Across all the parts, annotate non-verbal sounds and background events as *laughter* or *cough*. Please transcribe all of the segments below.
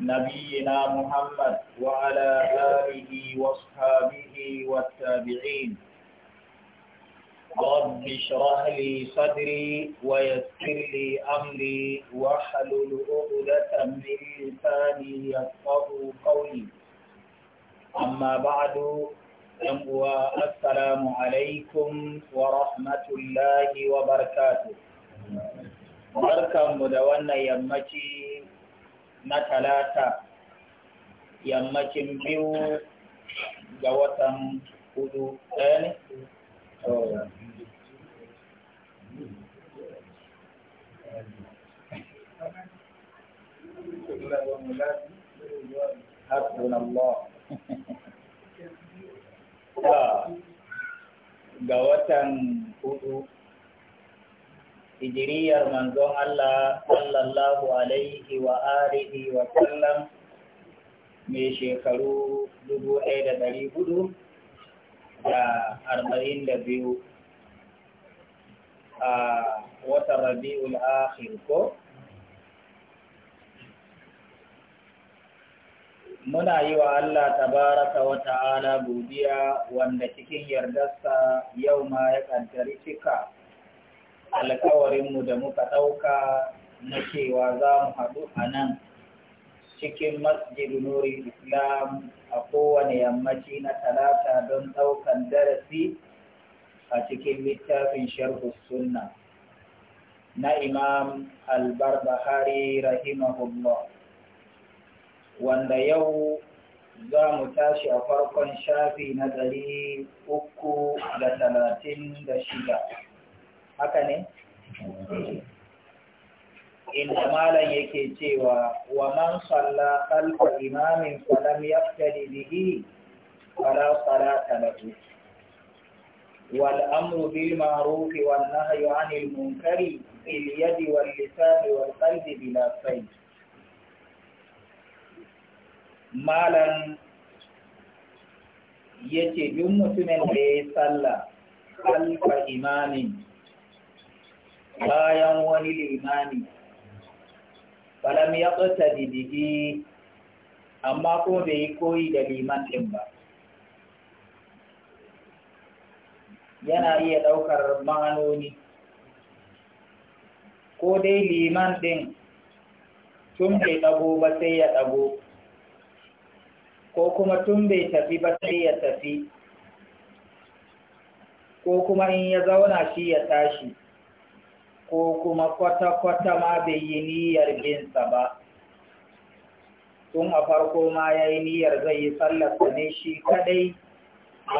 نبينا محمد وعلى آله وصحابه والتابعين رب اشرح لي صدري ويسر لي أمري واحلل عقدة من لساني يفقه قولي أما بعد السلام عليكم ورحمة الله وبركاته بركة مدونة يمتي na talata yammacin biyu ga watan hudu ɗaya ne? *laughs* ga watan hudu hijiriyar manzon Allah sallallahu alaihi wa alihi wa sallam mai shekaru dubu ɗaya da ɗari hudu da arba'in da biyu a watan rabi'ul akhir ko muna yi wa Allah tabaraka wa ta'ala godiya wanda cikin yardarsa yau ma ya ƙaddari cika Alƙawarinmu da muka ɗauka na cewa za mu haɗu a nan cikin masjid nuri islam a kowane yammaci na talata don ɗaukan darasi a cikin littafin sharhu sunna na imam albarbahari rahimahullah wanda yau za mu tashi a farkon shafi na ɗari uku da talatin da shida haka ne inda malam yake cewa wa man salla khalfa imamin falam yaqtadi bihi fala salata lahu wal amru bil ma'ruf wan nahyu 'anil munkari bil yadi wal lisan wal qalbi bila sayf malam yace duk mutumin da ya salla khalfa imamin bayan wani limani falam ya ƙasa didigi amma ko bai yi koyi da liman ɗin ba yana iya ɗaukar ma'anoni ko dai liman ɗin tun bai ɗago ba sai ya ɗago ko kuma tun bai tafi ba sai ya tafi ko kuma in ya zauna shi ya tashi ko kuma kwata-kwata ma bai yi niyyar binsa ba tun a farko ma ya yi niyyar zai yi sallarsa ne shi kadai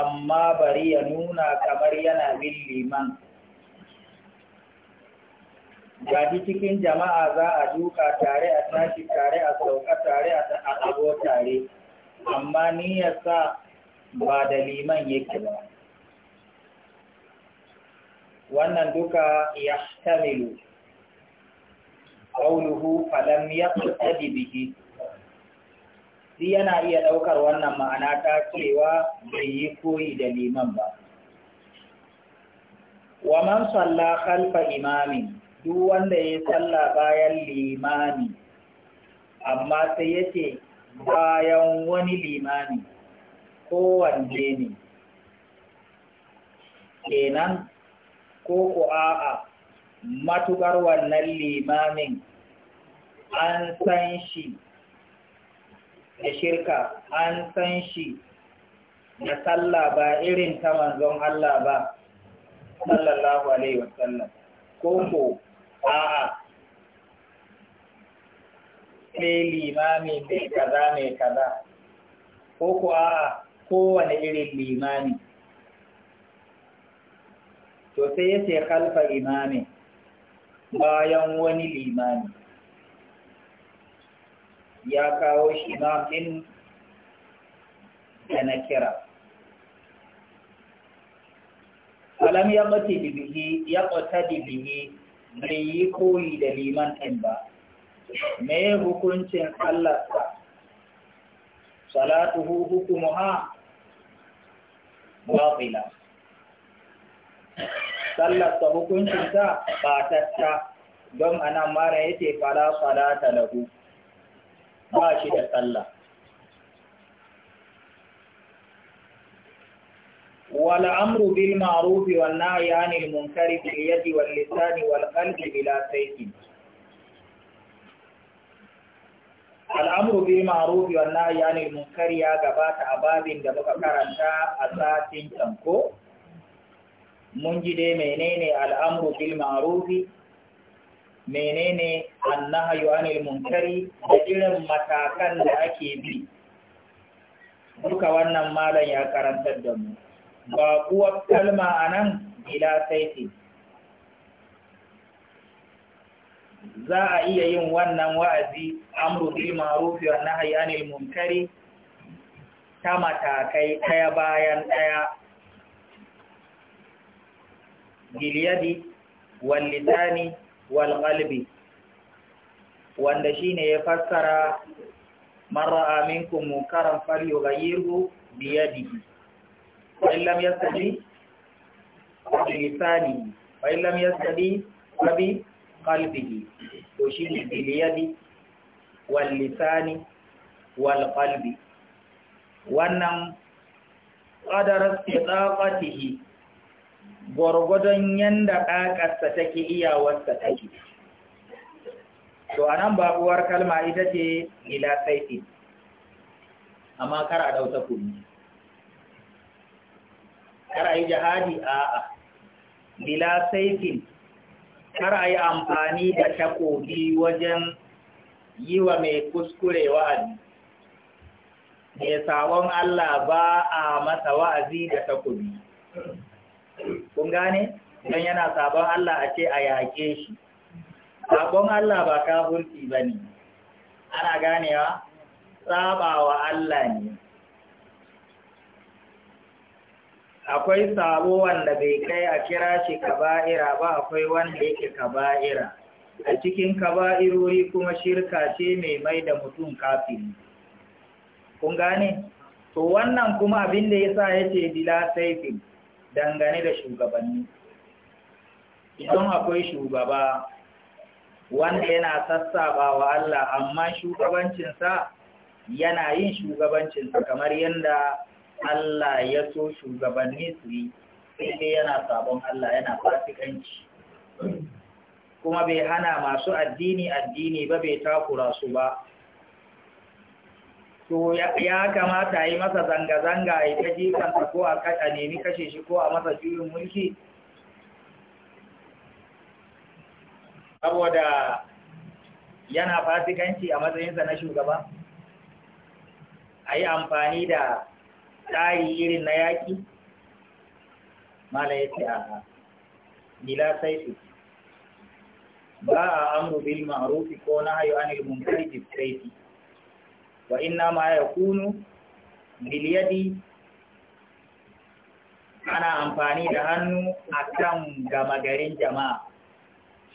amma bari ya nuna kamar yana bin liman gadi cikin jama'a za a duka tare a tashi tare a sauka tare a tabo tare amma niyyarsa ba da liman yake ba wannan duka ya tamilu ƙauluhu falam ya tsadi biki shi yana iya ɗaukar wannan ma'ana ta cewa bai yi koyi da liman ba wa man salla khalfa imamin duk wanda ya salla bayan limani, amma sai yake bayan wani limami kowanne ne kenan ko ku a'a matuƙar wannan limamin an san shi da shirka an san shi da sallah ba irin ta manzon Allah ba sallallahu alaihi wasallam ko ko a'a sai limami mai kaza mai kaza ko ko a'a kowane irin limami to sai ya ce kalfa imamin bayan wani limami ya kawo shi mafin da na kira alam ya ƙwata dibihi ya dibihi bai yi koyi da liman ɗin ba me hukuncin sallarsa salatu hukumuha wa ƙila hukuncin sa, ba hukuncinsa ɓatatta don a nan mara yake fara ta lahu ba shi da sallah. wal amru bil ma'ruf wan nahyi 'anil munkari bil yadi wal lisani wal qalbi bila sayyi al amru bil ma'ruf wan nahyi 'anil munkari ya gabata a babin da muka karanta a satin tanko mun ji dai menene al'amru bil ma'rufi menene annahyu anil munkari da irin matakan da ake bi duka wannan malam ya karantar da mu ba kuwa kalma anan ila saiti za a iya yin wannan wa'azi amru bil ma'ruf wa nahyi anil munkari ta matakai ɗaya bayan ɗaya. biliyadi wallisani walqalbi wanda shine ya fassara mara aminku munkaran falyughayyirhu biyadihi wa in lam yastati bilisani wa ya sadi yastati bi qalbihi to ne biliyadi wallisani walqalbi wannan qadara istitaqatihi gwargwadon yanda ƙaƙarsa take iyawarsa take to a nan babuwar kalma ita ce ila saifin, amma kar a ɗauta kuni kar a yi jihadi a'a ila saifin kar a yi amfani da takobi wajen yi wa mai kuskure wa'azi mai sabon Allah ba a masa wa'azi da takobi kun gane don yana sabon Allah a ce a yaƙe shi sabon Allah ba kafurci ba ne ana ganewa sabawa Allah ne akwai sabo wanda bai kai a kira shi kaba'ira ba akwai wanda yake kaba'ira a cikin kaba'irori kuma shirka ce mai mai da mutum kafin kun gane to wannan kuma abin da ya sa ya ce bila saifin dangane da shugabanni idan akwai shugaba wanda yana sassaba wa Allah amma shugabancinsa yana yin shugabancinsa kamar yadda Allah ya so shugabanni su yi sai dai yana sabon Allah yana fasikanci kuma bai hana masu addini addini ba bai takura su ba to ya kamata a yi masa zanga-zanga a yi ta jikanta ko a kaɗa nemi kashe shi ko a masa juyin mulki saboda yana fasikanci a matsayinsa na shugaba a yi amfani da tsari irin na yaƙi mala ya ce a nila saifi ba a amru bil ma'rufi ko na hayo anil munkari wa inna ma ya kunu biliyadi ana amfani da hannu a kan gama garin jama'a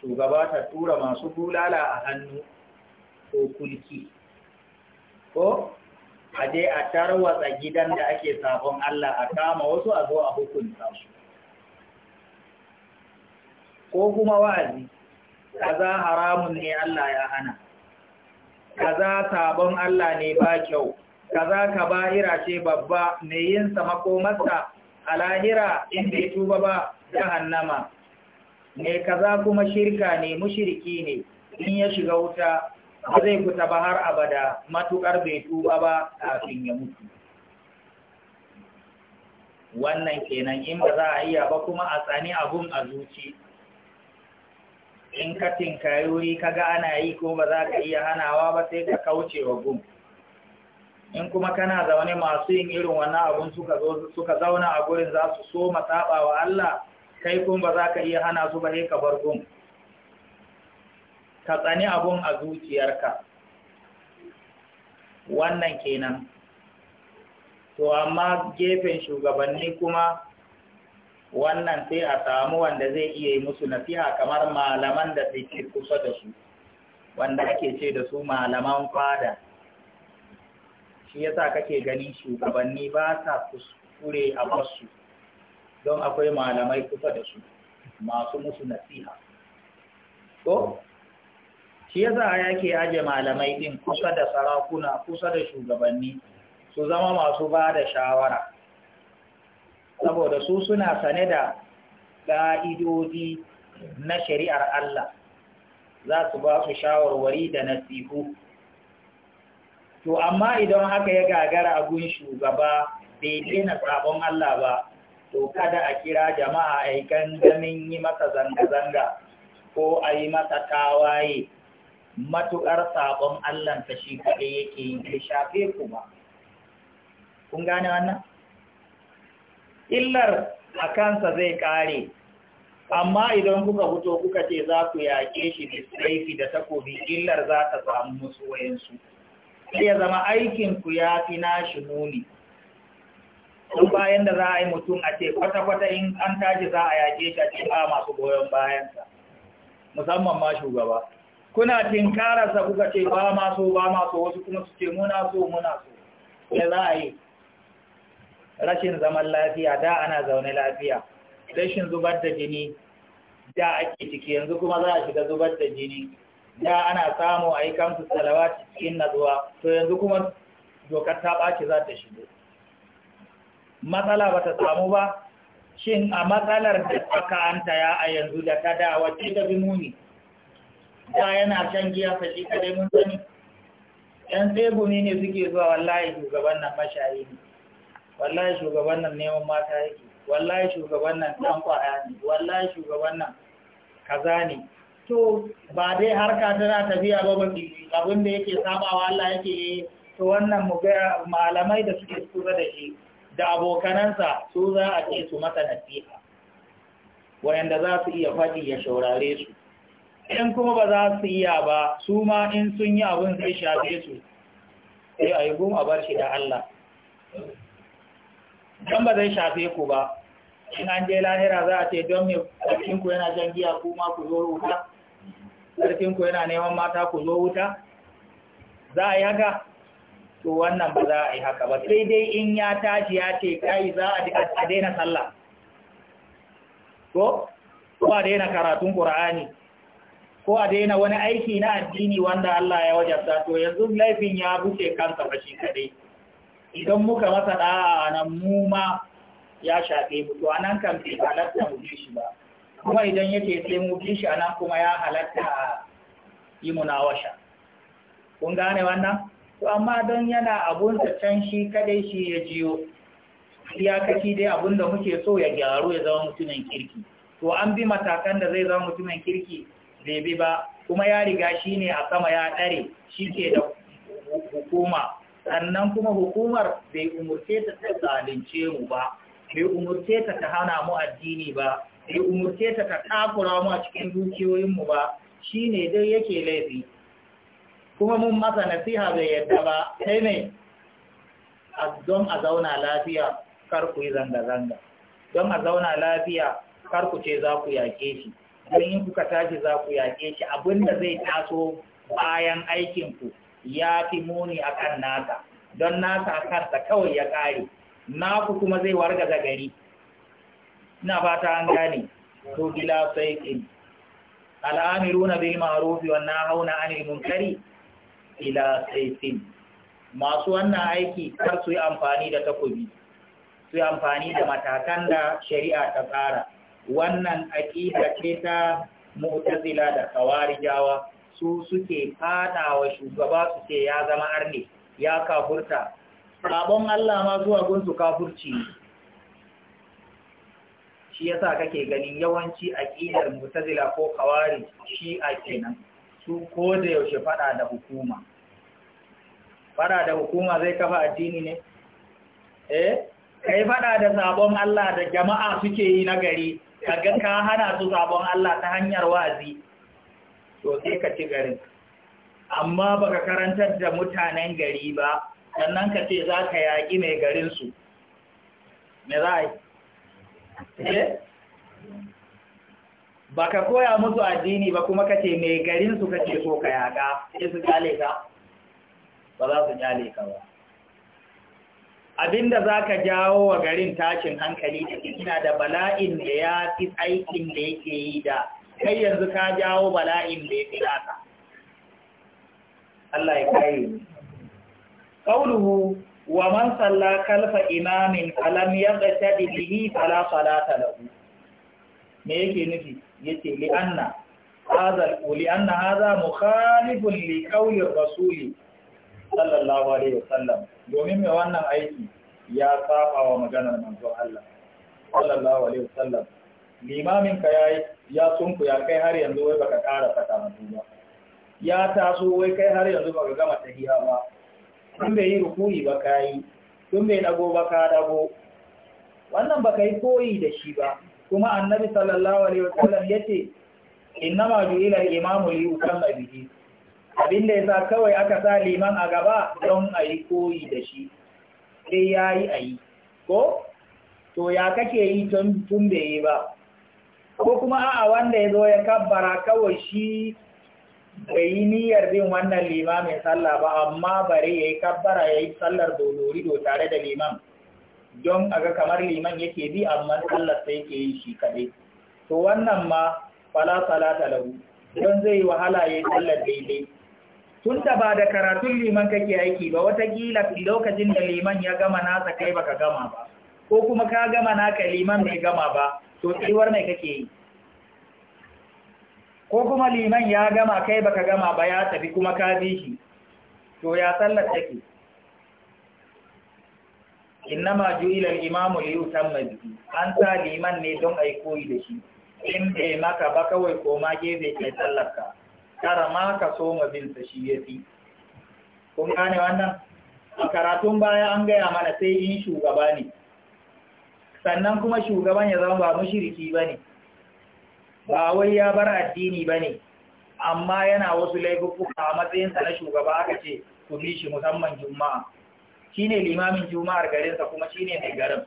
shugaba ta tura masu bulala a hannu ko kulki ko a je a tarwatsa gidan da ake sabon Allah a kama wasu a zo a hukunta su ko kuma wa'azi kaza haramun ne Allah ya hana kaza sabon Allah ne ba kyau kaza ka kaba'ira ce babba me yin sa makomarsa a lahira in bai tuba ba jahannama me kaza kuma shirka ne mushiriki ne in ya shiga wuta ba zai fita ba har abada matukar bai tuba ba kafin ya mutu wannan kenan in ba za a iya ba kuma a tsani abun a zuci in ka tinkayi wuri ka ga ana yi ko ba za ka iya hanawa ba sai ka kauce wa gum in kuma kana zaune masu yin irin wannan abun suka zauna a gurin za su so masaba wa Allah kai kuma ba za ka iya hana su ba sai ka bar gum ka tsani abun a zuciyarka wannan kenan to amma gefen shugabanni kuma wannan sai a samu wanda zai iya yi musu nasiha kamar malaman da suke kusa da su wanda ake ce da su malaman fada shi yasa kake ganin shugabanni ba sa kuskure a basu don akwai malamai kusa da su masu musu nasiha ko shi yasa yake aje malamai din kusa da sarakuna kusa da shugabanni su zama masu ba da shawara saboda su suna sane da ƙa'idodi na shari'ar Allah za su ba su shawarwari da nasihu to amma idan haka ya gagara abin shugaba bai daina sabon Allah ba to kada a kira jama'a a yi gangamin yi masa zanga-zanga ko a yi masa tawaye matuƙar sabon Allah ta shi kaɗe yake yi shafe ku ba kun gane wannan illar a kansa zai ƙare amma idan kuka fito kuka ce za ku yaƙe shi da saifi da takobi illar za ta samu musu wayansu sai ya zama aikinku ya fi nashi muni don bayan da za a yi mutum a ce kwata-kwata in an tashi za a yaƙe shi a ce ba masu goyon bayansa musamman ma shugaba kuna tinkararsa kuka ce ba maso ba maso wasu kuma su ce muna so muna so ya za a yi rashin zaman lafiya da ana zaune lafiya rashin zubar da jini da ake ciki yanzu kuma za a shiga zubar da jini da ana samu a yi kansu salawa cikin nazuwa to yanzu kuma dokar ta ɓaci za ta shigo matsala ba ta samu ba shin a matsalar da aka an ya a yanzu da ta da wacce ta bi muni da yana shan giya sa shi kadai mun sani yan tsegumi ne suke zuwa wallahi shugaban nan mashayi ne wallahi shugaban nan neman mata yake wallahi shugaban nan dan kwaya ne wallahi shugaban nan kaza ne to ba dai harka tana tafiya ba abin da yake sabawa Allah yake yi. to wannan mu ga malamai da suke kusa da shi da abokanansa su za a ce su masa nasiha wayanda za su iya faɗi ya shaurare su in kuma ba za su iya ba su ma in sun yi abin zai shafe su sai a yi gum a bar shi da Allah don ba zai shafe ku ba in an je lahira za a ce don ƙarfin ƙarfinku yana jan giya kuma ku zo wuta ƙarfinku yana neman mata ku zo wuta za a yi haka to wannan ba za a yi haka ba sai dai in ya tashi ya ce kai za a daina sallah ko ko a daina karatun ƙura'ani ko a daina wani aiki na addini wanda Allah ya wajabta to yanzu laifin ya buce kansa ba shi kadai idan muka masa ɗa'a nan mu ma ya shafe mu to anan kan bai halatta mu bi shi ba kuma idan yake sai mu bi shi anan kuma ya halatta yi munawasha kun gane wannan to amma don yana abun da can shi kadai shi ya jiyo iyakaci dai abun da muke so ya gyaru ya zama mutumin kirki to an bi matakan da zai zama mutumin kirki bai bi ba kuma ya riga shi ne a sama ya ɗare shi ke da hukuma sannan kuma hukumar bai umurce ta ta zalunce mu ba bai umurce ta ta hana mu addini ba bai umurce ta ta takura mu a cikin dukiyoyinmu ba Shi ne dai yake laifi kuma mun masa nasiha bai yadda ba sai ne don a zauna lafiya kar ku yi zanga-zanga don a zauna lafiya kar ku ce za ku yaƙe shi don yin kuka tashi za ku yaƙe shi abinda zai taso bayan aikinku ya fi muni a kan nasa don nasa kansa kawai ya ƙare naku kuma zai warga da gari ina fata an gane to bila al’amiru na bil ma'arufi, wa nahawna kari, gila sai saiƙin masu wannan aiki kar su yi amfani da takobi su yi amfani da matakan da shari'a ta tsara wannan da ke ta mu'tazila da jawa. su suke fada wa shugaba su ce ya zama arne ya kafurta sabon Allah ma zuwa gunsu kafurci shi yasa kake ganin yawanci aqidar mu'tazila ko kawari shi a kenan su ko da yaushe fada da hukuma fada da hukuma zai kafa addini ne eh kai fada da sabon Allah da jama'a suke yi na gari kaga ka hana su sabon Allah ta hanyar wa'azi to sai ka ci garin amma baka karantar da mutanen gari ba sannan ka ce za ka yaƙi mai garinsu me za a yi eh? ba ka koya musu addini ba kuma ka ce mai garinsu ka ce so ka yaƙa sai su kyale ka ba za su kyale ka ba abinda za ka jawo wa garin tashin hankali da ina da bala'in da ya fi aikin da yake yi da kai yanzu ka jawo bala'in da ya fi naka Allah ya kai Ƙauluhu, wa man salla kalfa imamin alam yaghtadi bihi fala ta lahu me yake nufi ce, li'anna. anna hadha li'anna anna hadha mukhalifun li qawli rasuli sallallahu alaihi wasallam domin mai wannan aiki ya saba wa maganar manzon Allah sallallahu alaihi wasallam limamin ka yi ya sunku ya kai har yanzu wai baka ƙara sakamako ba ya taso wai kai har yanzu baka gama tahiya ba tun bai yi rukuni ba ka yi. tun bai dago ba ka dago wannan baka yi koyi da shi ba kuma annabi sallallahu alaihi wasallam yace innama ju'ila imamu li yusamma bihi abinda yasa kawai aka sa liman a gaba don a yi koyi da shi sai yayi ayi ko to ya kake yi tun tun bai yi ba ko kuma a wanda ya zo ya kabbara kawai shi bai yi niyyar bin wannan limamin sallah ba amma bare ya yi kabbara ya yi sallar dolorido tare da liman don aga kamar liman yake bi amma sallar sai yake yi shi kaɗai to wannan ma fala ta lagu don zai yi wahala ya yi sallar daidai tun da ba da karatun liman kake aiki ba watakila lokacin da liman ya gama nasa kai baka gama ba ko kuma ka gama naka liman bai gama ba to tsiwar mai kake yi ko kuma liman ya gama kai baka gama ba ya tafi kuma ka bi shi to ya sallar take innama ju'ila al-imamu li yutamma bihi an sa liman ne don ai koyi da shi in bai maka ba kawai ke gefe kai sallar ka kara ma ka so ma bin sa shi yafi kun gane wannan a karatun baya an gaya mana sai in shugaba ne sannan kuma shugaban ya zama ba mushiriki ba ne ba wai ya bar addini ba ne amma yana wasu laifuka a matsayinsa na shugaba aka ce ku bi shi musamman juma'a shi ne limamin juma'ar garinsa kuma shi ne mai garin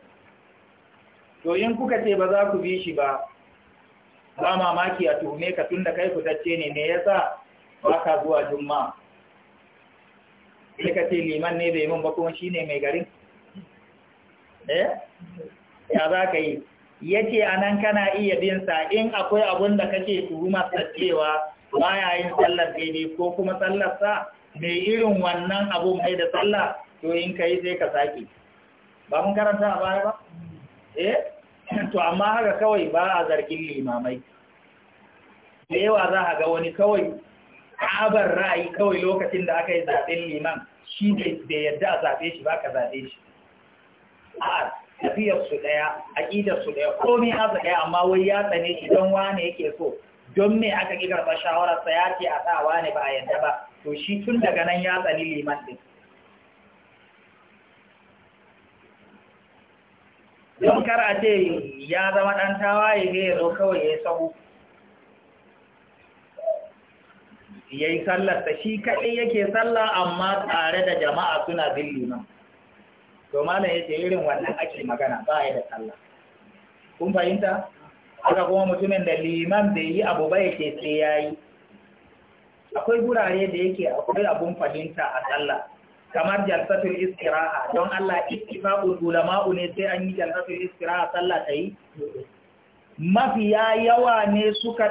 to kuka ce ba za ku bi shi ba ba mamaki a tuhume ka tun da kai fitacce ne me sa ba ka zuwa juma'a sai ka ce liman ne bai mun ba kuma shi ne mai garin eh ya za ka yi ya a nan kana iya bin in akwai abin da kake kuruma cewa ba ya yin sallar daidai ko kuma sallarsa mai irin wannan abun mai da sallah to in ka yi sai ka sake ba mun karanta a baya ba eh *laughs* to amma haka kawai ba a zargin limamai da yawa za a ga wani kawai abar ra'ayi kawai lokacin da aka yi zaɓen liman shi bai yadda a zaɓe shi ba ka zaɓe shi A'a. tafiyar su aƙidarsu ɗaya su daya komai amma wai ya tsane idan wane yake so don me aka ƙi karba shawararsa sa ya ce a sa wane ba a yadda ba to shi tun daga nan ya tsani liman ɗin. don kar a ce ya zama ɗan tawaye ne ya zo kawai ya sahu ya yi sallarsa shi kaɗai yake sallah amma tare da jama'a suna bin liman to malam ya ce irin wannan ake magana ba ya da sallah kun fahimta haka kuma mutumin da liman bai yi abu ba ya ce sai ya yi akwai gurare da yake akwai abun fahimta a sallah kamar jalsatul istiraha don Allah ittifaqul ulama'u ne sai an yi jalsatul istiraha sallah ta yi ya yawa ne suka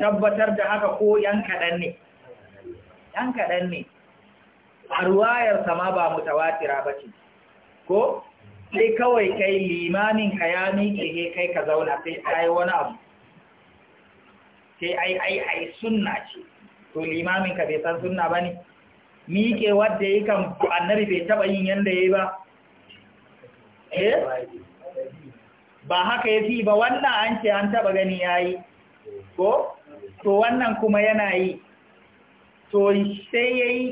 tabbatar da haka ko yan kaɗan ne yan kaɗan ne a ruwayar sama ba mutawatira ba ce ko sai kawai kai limamin ka ya miƙe ne kai ka zauna sai ai wani abu sai ai ai ai sunna ce to limamin ka bai san sunna ne miƙe wadda ya kan annabi bai taba yin yanda yi ba eh ba haka ya fi ba wannan an ce an taba gani ya yi ko to wannan kuma yana yi to sai ya yi.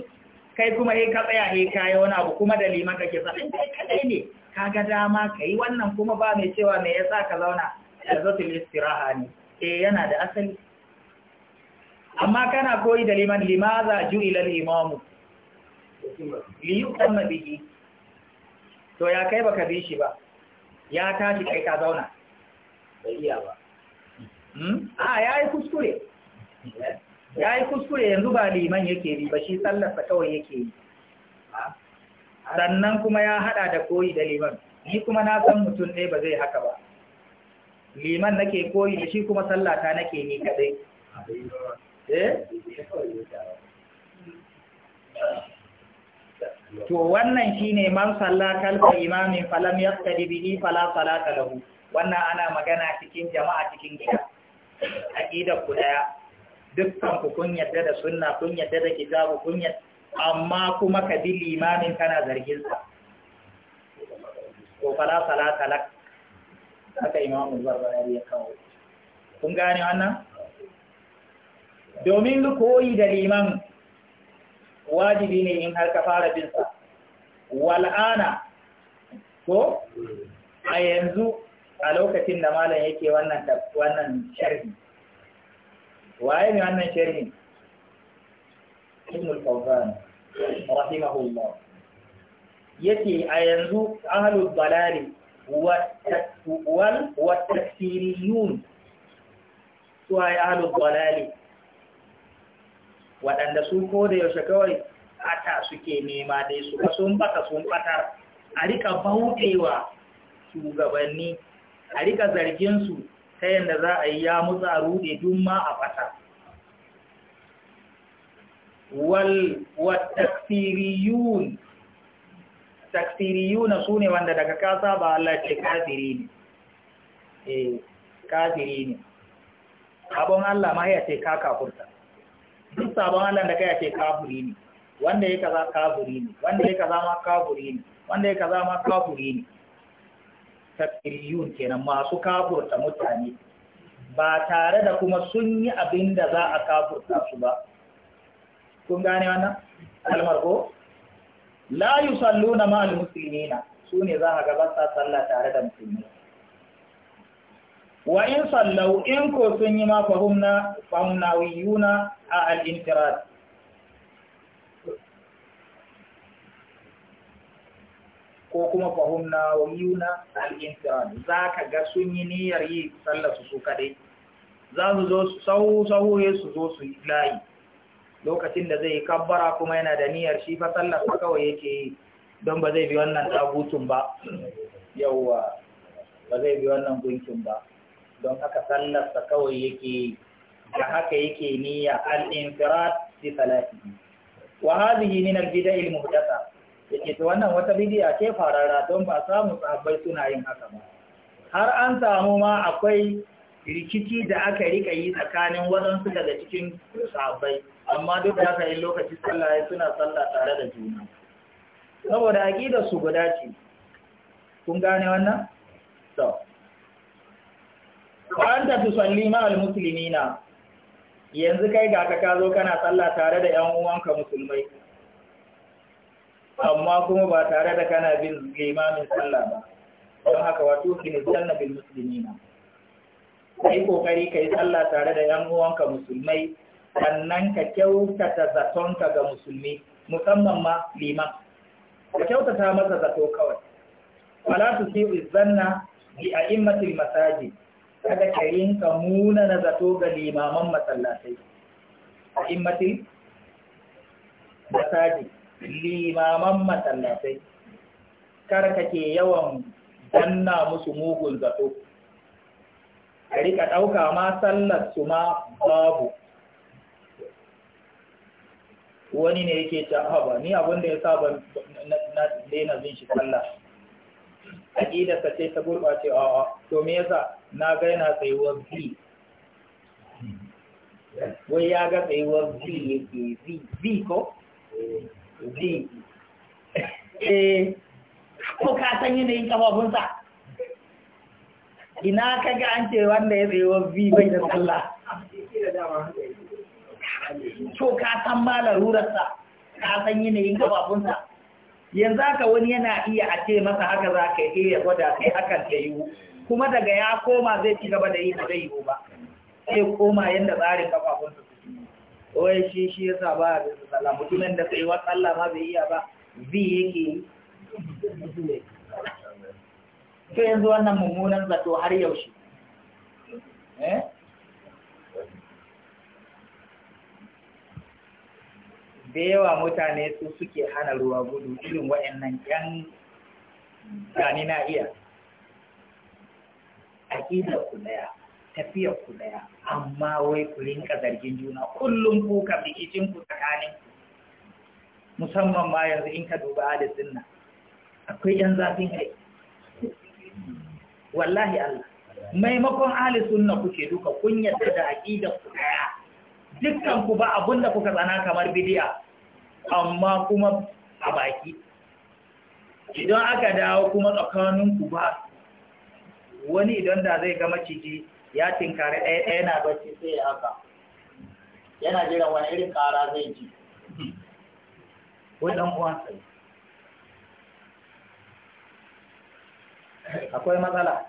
kai kuma he ka tsaya he kayi wani abu kuma da liman kake sanin kai kadai ne kaga dama kai wannan kuma ba mai cewa me yasa ka zauna lazzatul istiraha ne eh yana da asali amma kana koyi da liman limaza ju'ila al-imamu li yuqamma bihi to ya kai baka bi shi ba ya tashi kai ka zauna bai iya ba hmm? a yayi kuskure ya yi kuskure yanzu ba liman yake bi ba shi sallarsa kawai yake yi sannan kuma ya hada da koyi da liman ni kuma na san mutum ne ba zai haka ba liman nake koyi da shi kuma sallata nake ni kadai eh? to wannan shine man sallata kalfa imamin falam yaqtadi biyi fala salata lahu wannan ana magana cikin jama'a cikin gida A aqida ku daya dukkan ku kun yadda da sunna kun yarda da kitabu kun yadda amma kuma ka bi limamin kana zargin sa ko fara salata lak aka imamu barbari ya kawo kun gane wannan domin koyi da liman wajibi ne in har ka fara bin sa wal'ana ko a yanzu a lokacin da malam yake wannan wannan sharhi waye ne wannan sharhin ibnul fawzan rahimahullah yace a yanzu ahlul balali wa tafsiriyun su ay ahlul balali waɗanda su ko da yaushe kawai ata suke nema dai su sun baka sun bata a rika bautewa shugabanni a rika zargin su ta yadda za a yi ya mutu a rude duk ma a fata wal watakfiriyun takfiriyuna su ne wanda daga kasa ba Allah ce kafiri ne eh kafiri ne abon Allah ma ya ce ka kafurta duk sabon Allah da kai ya ce kafiri ne wanda ya kaza kafiri ne wanda ya kaza ma kafiri ne wanda ya kaza ma kafiri ne mustaqiriyun kenan masu kafurta mutane ba tare da kuma sun yi abin da za a kafurta su ba kun gane wannan kalmar ko la musulmi na su sune za a ga sa sallah tare da musulmi wa in sallau in ko sun yi ma fahumna fahumnawiyuna a al-intirad ko kuma fahimna wa yuna al-insirad za ka ga sun yi niyyar yi sallar su kaɗai, za su zo su sahu ya su zo su layi lokacin da zai kabbara kuma yana da niyyar shi fa sallar sa kawai yake yi don ba zai bi wannan tagutun ba yauwa ba zai bi wannan gunkin ba don haka sallar kawai yake yi da haka yake niyya al-infirad bi wa hadhihi min al-bida'il muhdatha yake to wannan wata bidiya ce farara don ba samu sahabbai suna yin haka ba har an samu ma akwai rikici da aka rika yi tsakanin waɗansu daga cikin sahabbai amma duk da haka yin lokaci sallah suna sallah tare da juna saboda aƙidar su guda ce kun gane wannan to wa anta tusalli ma al muslimina yanzu kai ga ka zo kana sallah tare da 'yan uwanka musulmai amma kuma ba tare da kana bin limamin sallah ba don haka wato kin sallah bil muslimina kai kokari kai sallah tare da yan uwanka musulmai sannan ka kyautata zatonka ga musulmi musamman ma liman ka kyautata masa zato kawai wala tusiu zanna bi a'immatil masajid kada ka ka muna na zato ga limaman masallatai a'immatil masajid limaman masallatai kar kake yawan danna musu mugun zato a rika ɗauka ma sallar su ma babu wani ne yake ta haba ni abinda ya saba na daina zin shi sallah aƙidarsa ce ta gurɓace a a to me yasa na ga yana tsayuwar B. wai ya ga tsayuwar B yake zi zi ko ji eh, ko ka san yanayin kafafunsa ina ka ga an ce wanda ya tsaye wa bi bai da sallah to ka san ma larurarsa ka san yanayin kafafunsa yanzu haka wani yana iya a ce masa haka za ka iya gwada sai hakan ta yiwu kuma daga ya koma zai ci gaba da yi ba zai yiwu ba sai koma yadda tsarin kafafunsa wai shi shi yasa ba bisa sallah mutumin da sai wa tsalla ma bai iya ba bi yake yi sai yanzu wannan mummunan zato har yaushe eh? da yawa mutane su suke hana ruwa gudu irin waɗannan 'yan gani na iya A da ku ɗaya Tafiya ku daya amma wai ku rinka zargin juna kullum ku ka bikicin ku tsakanin musamman ma yanzu in ka duba hadisin nan akwai yan zafin kai wallahi Allah maimakon ahli sunna kuke duka kun yarda da aqidar ku daya dukkan ku ba da kuka tsana kamar bidiya amma kuma a baki idan aka dawo kuma tsakaninku ba wani idan da zai ga maciji ya tinkari ɗaya ɗaya na bacci sai ya haka yana jiran wani irin ƙara zai ji wani ɗan sai akwai matsala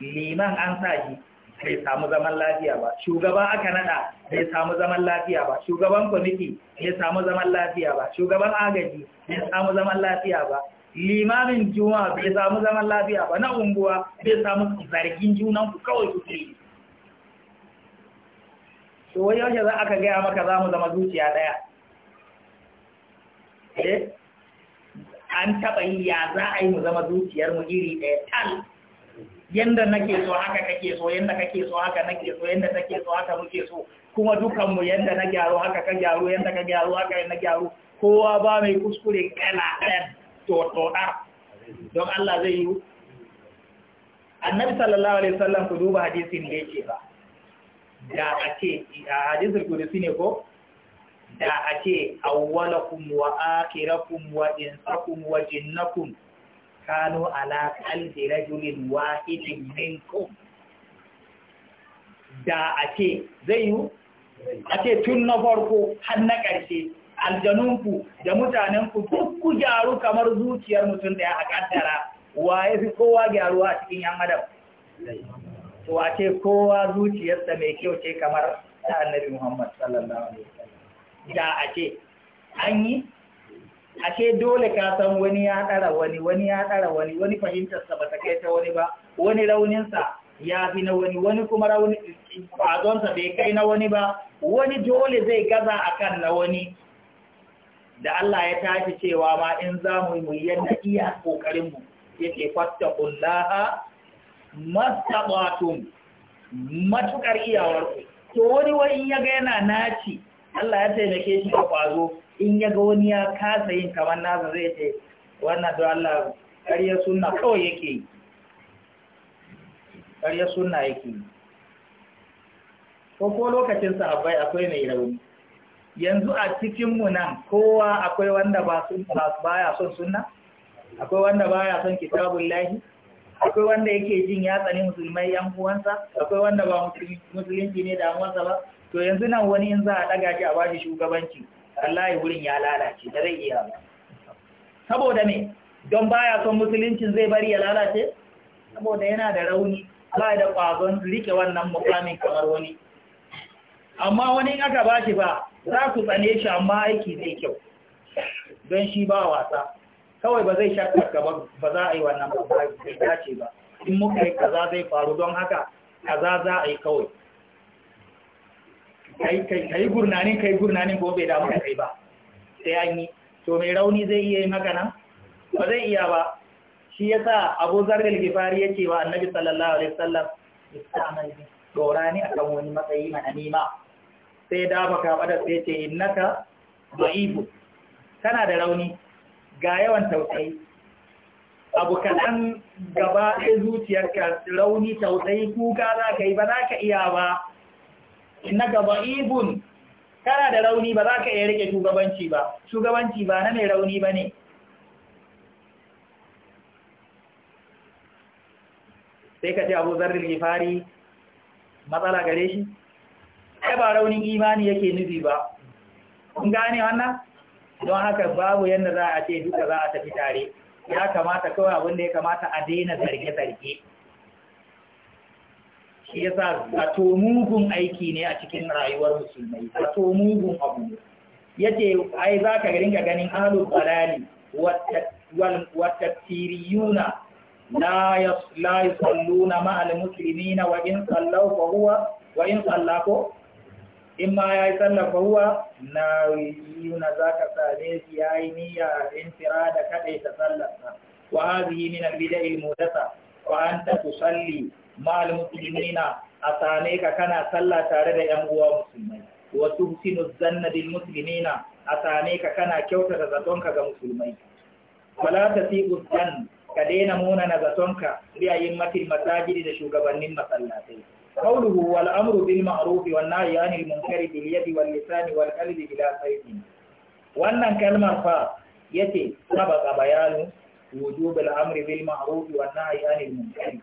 liman an sa shi bai samu zaman lafiya ba shugaban aka nada bai samu zaman lafiya ba shugaban kwamiti bai samu zaman lafiya ba shugaban agaji bai samu zaman lafiya ba limamin juma bai samu zaman lafiya ba na unguwa bai samu zargin junan ku kawai ku ke to wai yau za aka gaya maka za mu zama zuciya daya. eh an taɓa yi ya za a yi mu zama zuciyar mu iri ɗaya tal yanda nake so haka kake so yanda kake so haka nake so yanda take so haka muke so kuma dukanmu yanda na gyaru haka ka gyaru yanda ka gyaru haka na gyaru kowa ba mai kuskure kala ɗaya To todar don Allah zai yi annabi sallallahu alaihi wasallam ku duba hadisin da yake ba da a ce a hadisul kudusi ne ko da a ce awwalakum wa akhirakum wa insakum wa jinnakum kanu ala qalbi rajulin wahidin minkum da a ce zai yi a ce tun na farko har na ƙarshe aljanunku da mutanenku duk ku gyaru kamar zuciyar mutum daya a kaddara waye fi kowa gyaruwa a cikin yan adam to a ce kowa zuciyarsa mai kyau ce kamar ta annabi Muhammad sallallahu alaihi wasallam da a ce an yi a ce dole ka san wani ya dara wani wani ya dara wani wani fahimtarsa ba ta kai ta wani ba wani rauninsa ya fi na wani wani kuma rauni sa bai kai na wani ba wani dole zai gaza a kan na wani da Allah ya tashi cewa ma in za mu yi yadda iya ƙoƙarinmu ya ce fasta ƙullaha matuƙar ku. to wani wani ya ga yana naci Allah ya taimake shi da ƙwazo in yaga wani ya kasa yin kamar nasa zai ce wannan don Allah ƙarya suna kawai yake yi ƙarya suna yake yi ko ko lokacin sahabbai akwai mai rauni yanzu a cikinmu nan kowa akwai wanda ba baya son sunna akwai wanda baya son kitabun lahi akwai wanda yake jin ya tsani musulmai yan uwansa akwai wanda ba musulunci ne da uwansa ba to yanzu nan wani in za a daga shi a shi shugabanci wallahi wurin ya lalace da zai iya saboda me don baya son musuluncin zai bari ya lalace saboda yana da rauni ba da kwazon rike wannan mukamin kamar wani amma wani aka ba shi ba za ku tsane shi amma aiki zai kyau don shi ba wasa kawai ba zai shakarka ba za a yi wannan ba zai dace ba in muka yi kaza zai faru don haka kaza za a yi kawai ka yi gurnanin ka yi gurnanin ko bai damu da kai ba sai an yi to mai rauni zai iya yi magana ba zai iya ba shi ya sa abu zargal gifari ya ce wa annabi sallallahu alaihi sallam ya sa mai gaurani a kan wani matsayi na nima sai dafa kafadar sai ce innaka da'ifu kana da rauni ga yawan tausayi abu kaɗan gaba ɗaya zuciyarka rauni tausayi kuka za ka yi ba za ka iya ba ba ibun kana da rauni ba za ka iya rike shugabanci ba shugabanci ba na mai rauni ba ne sai ka ce abu zarri gifari matsala gare shi ai ba raunin imani yake nufi ba kun gane wannan don haka babu yadda za a ce duka za a tafi tare ya kamata kawai abin da ya kamata a daina zarge-zarge shi ya sa zato mugun aiki ne a cikin rayuwar musulmai zato mugun abu ai za ka ringa ganin ahalul balali watattiriyuna la na ma'al musulmi na wa'in sallau ko huwa sallako in ma ya yi tsallafa huwa na yuna za ka same shi ya yi niyya in tira da kaɗai ta tsallarsa wa hazihi min albida dasa wa an ta tusalli ma'al musulmina a same ka kana sallah tare da yan uwa musulmai wa tuhsinu zanna bil muslimina a same ka kana kyautata zatonka ga musulmai wala fi zan ka daina muna na zatonka bi ayyin matil masajidi da shugabannin masallatai قوله والأمر بالمعروف والنهي عن المنكر باليد واللسان والقلب بلا سيف wannan kalmar fa yace sabaka bayanu wujub al-amri bil ma'ruf wa nahyi 'anil munkar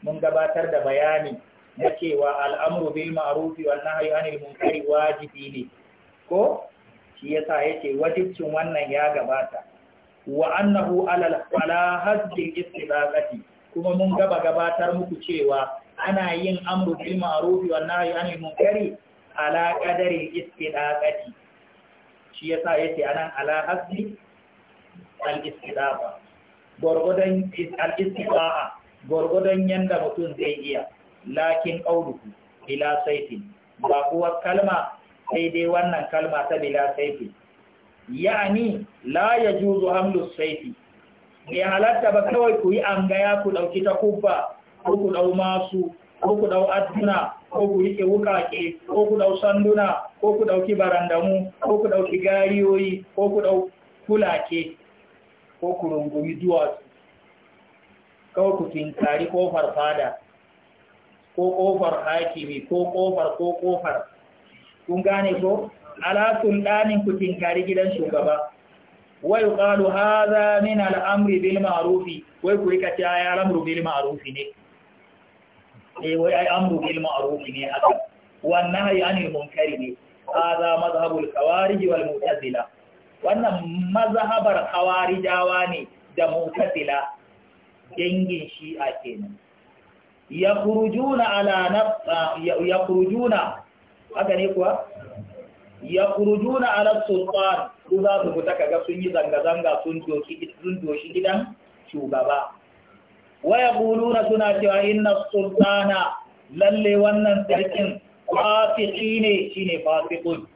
mun gabatar da bayani na cewa al-amru bil ma'ruf wa nahyi 'anil munkar wajibi ne ko shi yasa yace wajibcin wannan ya gabata wa annahu ala ala haddi kuma mun gaba gabatar muku cewa ana yin amru bil ma'ruf wa nahyi anil munkari ala qadari istidaqati shi yasa yace anan ala hasbi al istidaqa gorgodon al istidaqa gorgodan yanda mutum zai iya lakin qauluhu bila saifi. ba kuwa kalma sai dai wannan kalma ta bila saifi. ya'ani la yajuzu hamlu saifi ne halatta ba kawai ku yi an gaya ku ɗauki ta kubba ko ku ɗau masu ko ku ɗau adduna ko ku wuka ke ko ku ɗau sanduna ko ku ɗauki barandamu ko ku ɗauki gariyoyi ko ku ɗau kulake ko ku rungumi duwatsu kawai ku tinkari ƙofar fada ko ƙofar hakimi ko ƙofar ko ƙofar kun gane ko ala sulɗanin ku tinkari gidan shugaba wai qalu haza min amri bil ma'rufi wai ku rika ta ya bil ma'rufi ne eh wai ai amru bil ma'ruf ne haka wan nahyi anil munkari ne hadha mazhabul khawarij wal mu'tazila wannan mazhabar khawarijawa ne da mu'tazila dangin shi'a kenan yakhrujuna ala nafsa ah, yakhrujuna haka ne kuwa yakhrujuna ala sultan su za su fita kaga sun yi zanga zanga sun doki sun doshi gidan shugaba waya buluna suna cewa inna sultana lalle wannan sarkin fasiki ne shine fasikun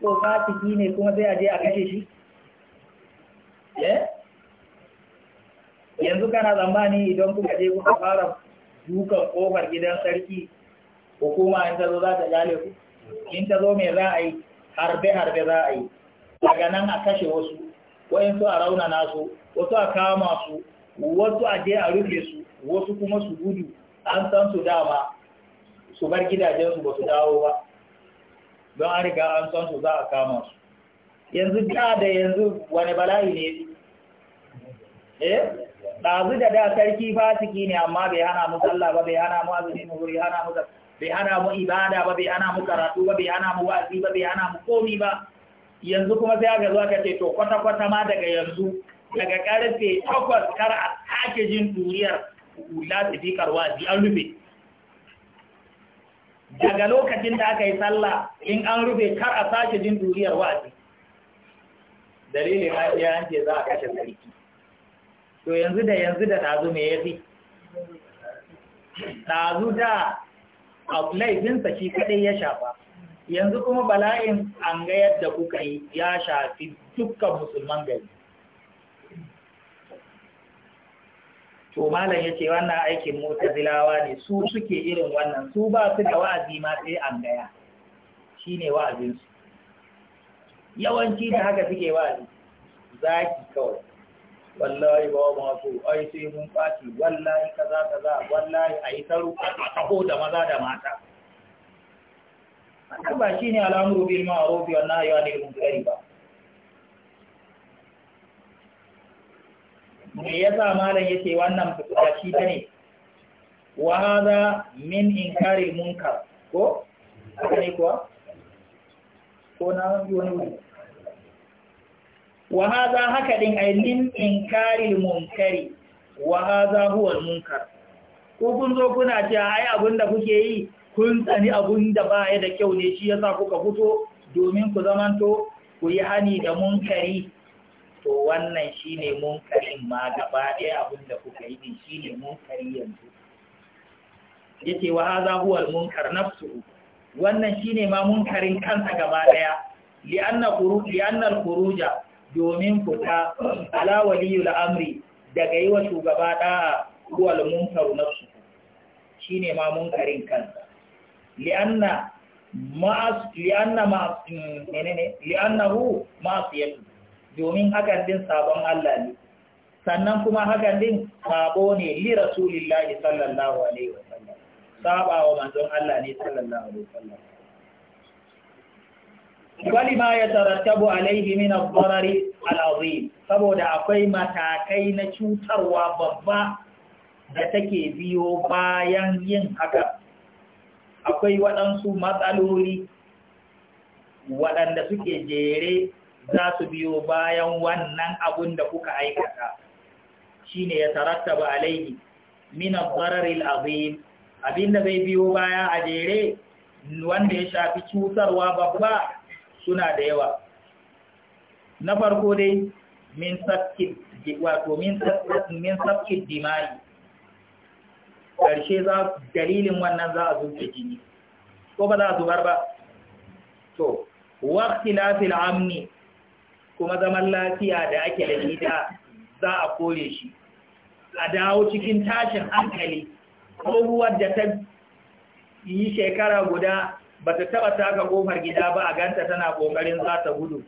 ko fasiki ne kuma sai a a kashe shi yanzu kana zamani idan kuka je kuka fara dukan kofar gidan sarki hukuma in ta zo za ta gale ku in ta mai za a yi harbe-harbe za a yi daga nan a kashe wasu wa'insu a raunana su wasu a kama su wasu a je a rufe su wasu kuma su gudu an san su dama su bar gidajensu ba su dawo ba don an riga an san su za a kama su yanzu da da yanzu wani bala'i ne eh ɗazu da da sarki fasiki ne amma bai hana mu sallah ba bai hana mu azumi mu hana mu bai hana mu ibada ba bai hana mu karatu ba bai hana mu wa'azi ba bai hana mu komi ba yanzu kuma sai aka zo aka ce to kwata kwata ma daga yanzu daga karfe takwas kar a sake jin duriyar hula sifikar wazi an rufe daga lokacin da aka yi sallah in an rufe kar a sake jin duriyar wazi dalilin ya yanke za a kashe sarki to yanzu da yanzu da tazu mai yafi tazu da laifinsa shi kadai ya shafa yanzu kuma bala'in an ga yadda kuka yi ya shafi dukkan musulman gari to malam ce wannan aikin mu'tazilawa ne su suke irin wannan su ba su da wa'azi ma sai an gaya shi ne wa'azinsu. yawanci da haka suke wa'azi zaki kawai wallahi ba ma so ai sai mun faci wallahi kaza kaza wallahi a yi taru a taho da maza da mata ba ba ne al'amuru bil ma'ruf wa nahyi anil munkari ba me yasa malam yake wannan fitila shi ta ne wa hadha min inkari munkar ko ne kuwa ko na wani wani wa hadha haka din ay min inkari munkari wa hadha huwa munkar ko kun zo kuna cewa ai abinda kuke yi kun tsani abinda ba ya da kyau ne shi yasa kuka fito domin ku zamanto ku yi hani da munkari to wannan shine munkarin ma gaba ɗaya abin da kuka yi din shine munkari yanzu yace wa hadha huwa al-munkar nafsuhu wannan shine ma munkarin kansa gaba ɗaya li'anna khuruj li'anna al-khuruja domin fita ala waliyul amri daga yi wa shugaba da'a huwa al-munkaru shine ma munkarin kansa li'anna ma'as li'anna ma'as mm, menene li'annahu ma'asiyatu domin hakan din sabon Allah ne sannan kuma hakan din sabo ne li rasulillahi sallallahu alaihi wasallam saba wa manzon Allah ne sallallahu alaihi wasallam wali ma ya tarattabu alaihi min ad-darari al-azim saboda akwai matakai na cutarwa babba da take biyo bayan yin haka akwai waɗansu matsaloli waɗanda suke jere za su biyo bayan wannan abun da kuka aikata Shi ne ya tarattaba alaihi min ad-darar al-azim da zai biyo baya a jere wanda ya shafi cutarwa babba suna da yawa na farko dai min sakki wato min sakki dimai karshe za dalilin wannan za a zuke jini ko ba za a zubar ba to waqti lafil amni kuma zaman lafiya da ake da shi za a kore shi a dawo cikin tashin hankali tsohuwar da ta yi shekara guda ba ta taba taka kofar gida ba a ganta tana kokarin za ta gudu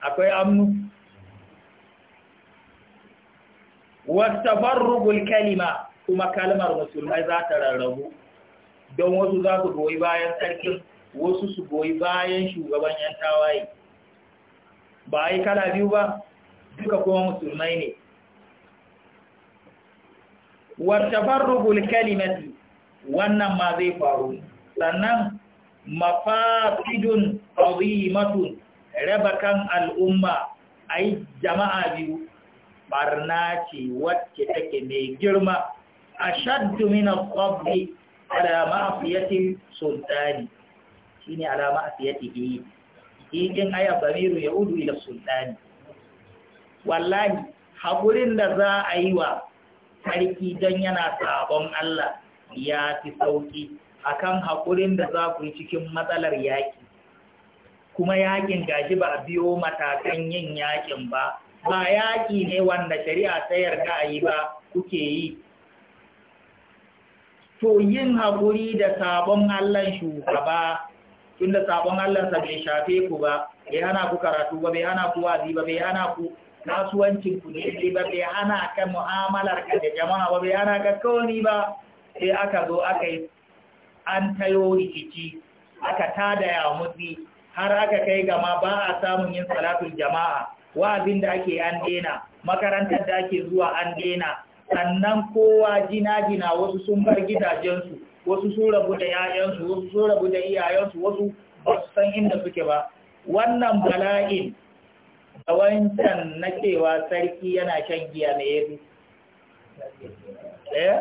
akwai amnu wastafarrugul kalima kuma kalmar musulmai za ta rarrabu don wasu za su goyi bayan sarkin wasu su goyi bayan shugaban yan tawaye ba a yi kala biyu ba duka kuma musulmai ne watafarrugul kalimati wannan ma zai faru sannan mafasidun azimatun raba kan al'umma ai jama'a biyu barna ce wacce take mai girma shaddu mina al a da ma'siyatil sultani shine alama asiyatihi cikin aya bamiru ya udu ila sultani wallahi haƙurin da za a yi wa sarki don yana sabon Allah ya fi sauƙi akan haƙurin da za ku yi cikin matsalar yaƙi kuma yaƙin gaji ba a biyo matakan yin yaƙin ba ba yaƙi ne wanda shari'a ta yarda a yi ba kuke yi to yin haƙuri da sabon Allah shugaba tun da sabon sa bai shafe ku ba bai hana ku karatu ba bai hana ku wazi ba bai hana ku kasuwancin ku ne ba bai hana ka mu'amalar ka da jama'a ba bai hana ka kawani ba sai aka zo aka yi an tayo rikici aka tada ya mutsi har aka kai gama ba a samun yin salatul jama'a wa'azin da ake an dena makarantar da ake zuwa an dena sannan kowa jina-jina wasu sun bar gidajensu wasu sun rabu da ‘ya'yansu wasu sun rabu da iyayensu wasu ba su san inda suke ba wannan bala'in da wancan na cewa sarki yana shan giya na yabi eh?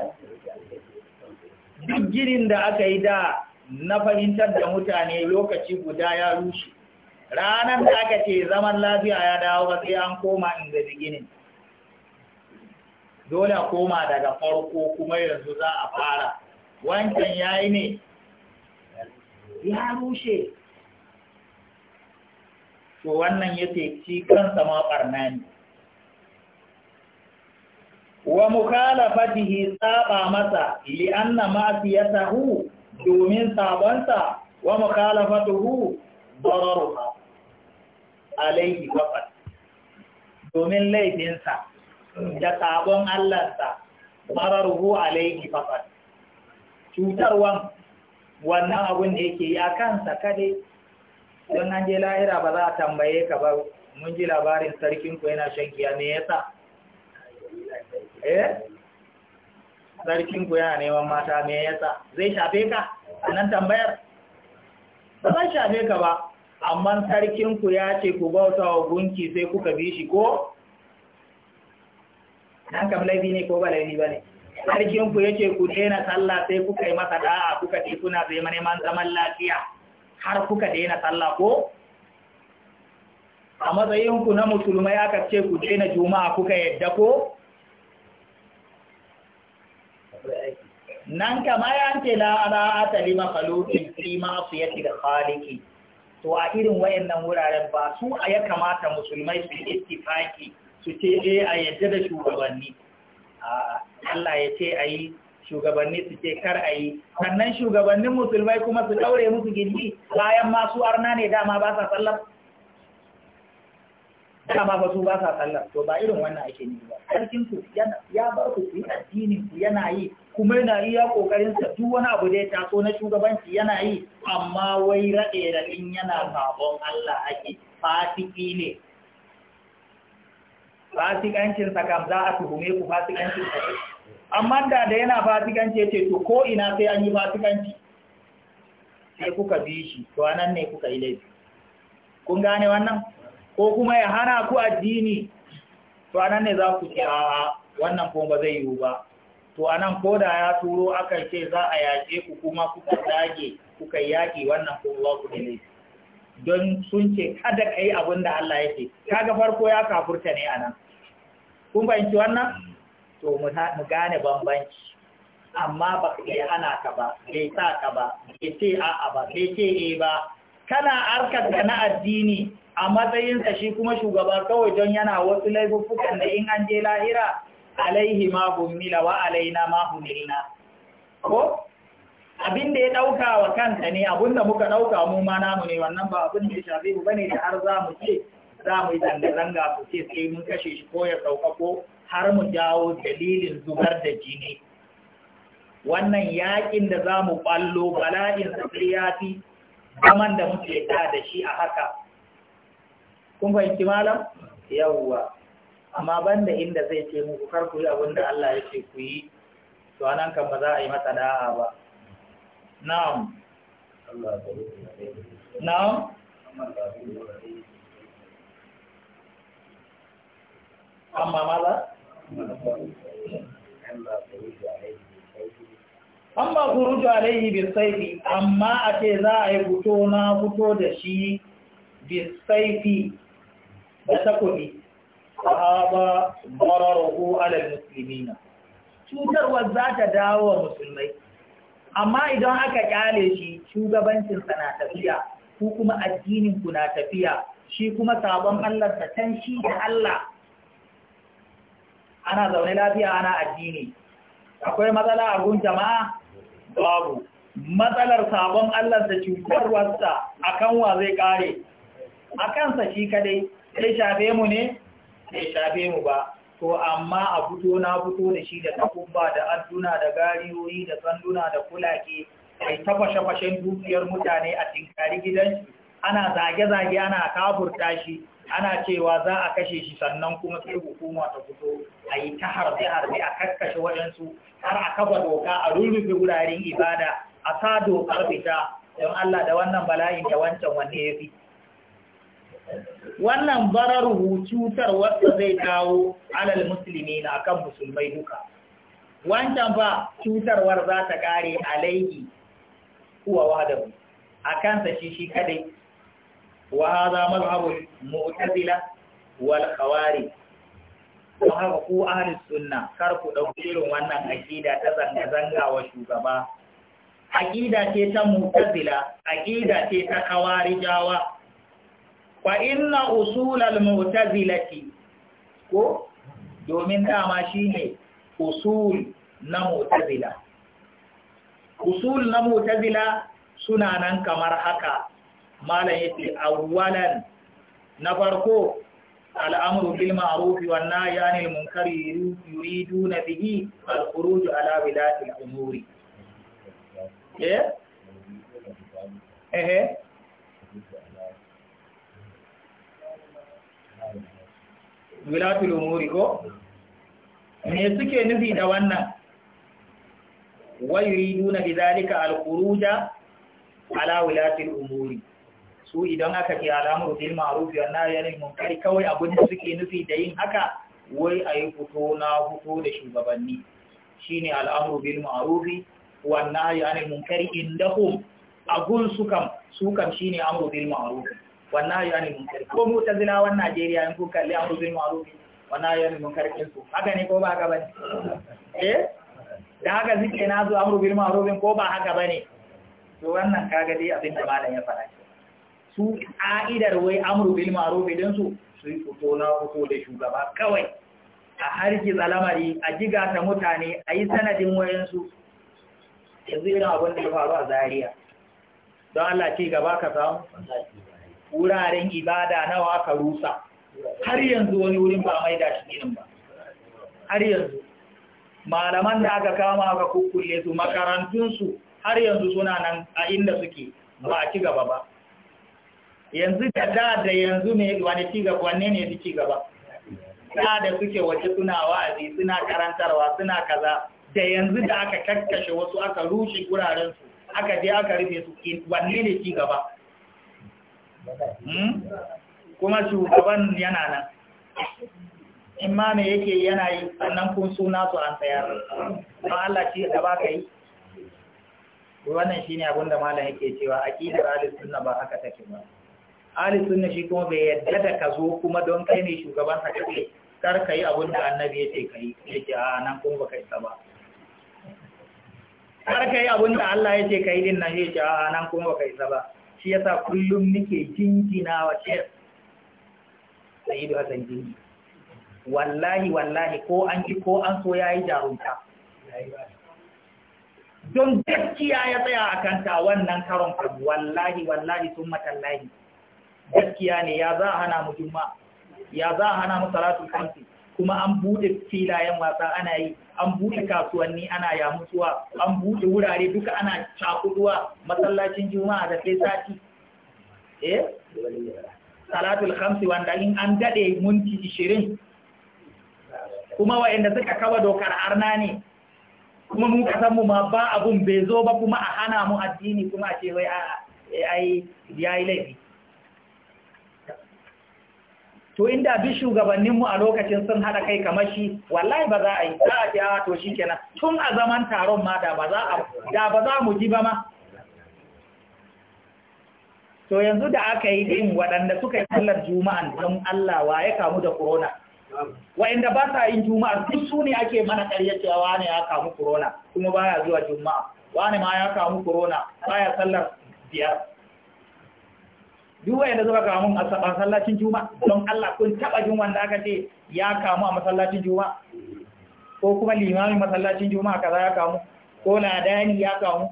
duk ginin da aka yi da na fahimtar da mutane lokaci guda ya rushe ranar da aka ce zaman lafiya ya dawo ba sai an koma inda ginin dole koma daga farko kuma yanzu za a fara wancan ya yi ne ya rushe to wannan ya ce ci kansa ma ɓarna ne wa mukhalafatihi tsaba masa li'anna ma'siyatahu domin sabonsa wa mukhalafatuhu dararuha alayhi faqat domin laifinsa da sabon Allah sa dararuhu alayhi faqat cutarwa wannan abin da yake yi a kansa kadai don an je lahira ba za a tambaye ka ba mun ji labarin sarkinku yana shan giya me yasa eh sarkinku yana neman mata me yasa zai shafe ka a nan tambayar ba zai shafe ka ba amma sarkinku ya ce ku bauta wa gunki sai kuka bi shi ko? nan kam laifi ne ko ba laifi ba ne ku yake ku daina sallah sai kuka yi masa da'a kuka ce kuna zai neman zaman lafiya har kuka daina sallah ko a matsayin ku na musulmai aka ce ku daina juma'a kuka yadda ko nan kama ya ce la'ala ta lima falukin fi masu yadda da khaliki to a irin wayannan wuraren ba su a ya kamata musulmai su yi istifaki su ce eh, a yadda da shugabanni a'a Allah ya ce a yi shugabanni su ce kar a yi sannan shugabannin musulmai kuma su ɗaure musu gindi bayan masu arna ne dama ba sa sallar dama ba su ba sa sallar to ba irin wannan ake ne ba sarkin su ya bar ku su yi addinin su yana yi kuma yana iya kokarin sa duk wani abu da ya taso na shugabanci yana yi amma wai raɗe raɗin yana sabon Allah ake fatiki ne fasikancin sa kam za a tuhume ku fasikancin sa amma da da yana fasikanci yace to ko ina sai an yi fasikanci sai kuka bi shi to anan ne kuka yi laifi kun gane wannan ko kuma ya hana ku addini to anan ne za ku ce a wannan ko ba zai yiwu ba to anan ko da ya turo aka ce za a yaƙe ku kuma kuka dage kuka yaƙi wannan ko ba ku da laifi don sun ce kada kai yi abin da Allah ya ce kaga farko ya kafurta ne anan kun fahimci wannan to mu gane bambanci amma ba ka iya hana ka ba bai sa ka ba bai ce a'a ba bai ce e ba kana harkar ka na addini a matsayinsa shi kuma shugaba kawai don yana wasu laifuffukan da in an je lahira alaihi ma gummila wa alaina ma humilna ko abin da ya dauka wa kanta ne abin da muka dauka mu ma namu ne wannan ba abin da ya shafi mu bane da har za mu ce za mu yi zanga-zanga su ce sai mun kashe shi ko ya sauƙaƙo har mu jawo dalilin zubar da jini wannan yaƙin da za mu ɓallo bala'in sai ya fi zaman da muke da da shi a haka kun fahimci malam yawwa amma banda inda zai ce muku kar ku yi abin da Allah ya ce ku yi to a nan kan ba za a yi masa da'a ba na'am na'am Amma a ce za a خروج عليه بالسيف أما أتي ذا يبتونا da takobi. Ba بتكوني فهذا ضرره على المسلمين cutarwar za ta dawo wa musulmai amma idan aka kyale shi shugabancinsa na tafiya ku kuma addininku na tafiya shi kuma sabon Allah can shi da Allah ana zaune lafiya ana addini akwai matsala a gun jama'a babu matsalar sabon Allah da cutarwarsa akan wa zai kare akan sa shi kadai sai shafe mu ne sai shafe mu ba to amma a fito na fito da shi da takubba da adduna da gariyoyi da sanduna da kulake mai tafashe fashen dukiyar mutane a tinkari gidan ana zage-zage ana kafurta shi ana cewa za a kashe shi sannan kuma sai hukuma ta fito a yi ta harbe-harbe a kakkashe waɗansu har a kafa doka a rurrufe wuraren ibada a sa dokar fita don Allah da wannan bala'in da wancan wanne ya fi. Wannan barar cutar wasu zai kawo alal musulmi na kan musulmai duka. Wancan ba cutarwar za ta kare alaihi kuwa wadabu, a kansa shi shi kadai wa hadha mazhabul mu'tazila wal khawarij don haka ku ahlus sunna kar ku dauki irin wannan aƙida ta zanga zanga shugaba aqida ce ta mu'tazila aqida ce ta khawarijawa fa inna usulal mu'tazilati ko domin dama shine usul na mu'tazila usul na mu'tazila suna nan kamar haka malam yace awwalan na farko al'amru bil ma'ruf wan nahyi anil munkari yuriduna bihi al khuruj ala wilati al umuri wilatul eh? eh, eh? umuri ko me suke nufi da wannan wayuriduna bidhalika al-khuruja ala wilatil umuri su idan aka ce alamar bil ma'ruf wa nahy anil munkar kawai abin da suke nufi da yin haka wai a yi fito na fito da shugabanni shine al'amru bil ma'ruf wa nahy anil munkar indahum agun su kam su kam shine amru bil ma'ruf wa nahy anil munkar ko mutazilawan Najeriya in kun kalli amru bil ma'ruf wa nahy anil munkar kin su haka ne ko ba haka bane eh da haka zike na zo amru bil ma'ruf ko ba haka bane to wannan kaga dai abin da malam ya faɗa su ƙa'idar wai amru bil ma'ruf idan su su fito na fito da shugaba kawai a harki zalamari a jiga ta mutane a yi sanadin wayansu yanzu irin abin da ya faru a Zariya. don Allah ce gaba ka samu wuraren ibada nawa ka rusa har yanzu wani wurin ba mai da shi nan ba har yanzu malaman da aka kama aka kukkulle su makarantun su har yanzu suna nan a inda suke ba a ci gaba ba yanzu da da da yanzu ne wani cigaba wanne ne fi gaba? da da suke waje suna wa'azi suna karantarwa suna kaza da yanzu da aka kakkashe wasu aka rushe guraren su aka je aka rufe su wanne ne gaba? Hmm? kuma shugaban yana nan in ma yake yana yi sannan kun suna su an tsayar don Allah shi da ba yi wannan shine abin da malam yake cewa aqidar ahlus sunna ba haka take ba ahli sunna shi kuma bai yadda da ka zo kuma don kai ne shugaban ka kace kar kai abin da annabi ya ce kai yake a nan kuma baka isa ba kar kai abin da Allah yake kai din nan yake a nan kuma baka isa ba shi yasa kullum nake jinjina wa shek Sayyidu Hassan Jinji wallahi wallahi ko an ki ko an so yayi jarunta don gaskiya ya tsaya a kanta wannan karon wallahi wallahi sun matallahi gaskiya ne ya za a hana mu juma ya za a hana mu Salatu Kamsi? kuma an bude filayen wasa ana yi an bude kasuwanni ana mutuwa an bude wurare duka ana cakuduwa masallacin juma'a da sai sati eh salatul khamsi wanda in an dade munti 20 kuma inda suka kawa dokar arna ne kuma mun kasan mu ma ba abun bai zo ba kuma a hana mu addini kuma a ce wai eh, ai yayi laifi to inda bi shugabanninmu a lokacin sun haɗa kai kamar shi wallahi ba za a yi za a ce a ah, to shi kenan tun a zaman taron ma da ba za mu ji ba ma to yanzu da aka yi din waɗanda suka yi sallar juma'an don Allah wa ya kamu da corona waɗanda ba sa yin juma'a duk su ne ake mana ƙarya cewa wane ya kamu corona kuma baya zuwa juma'a wane ma ya kamu corona baya sallar biyar duk wanda zuwa ga mun a masallacin juma don Allah kun taba jin wanda aka ce ya kamu a masallacin juma ko kuma limamin masallacin juma kaza ya kamu ko ladani ya kamu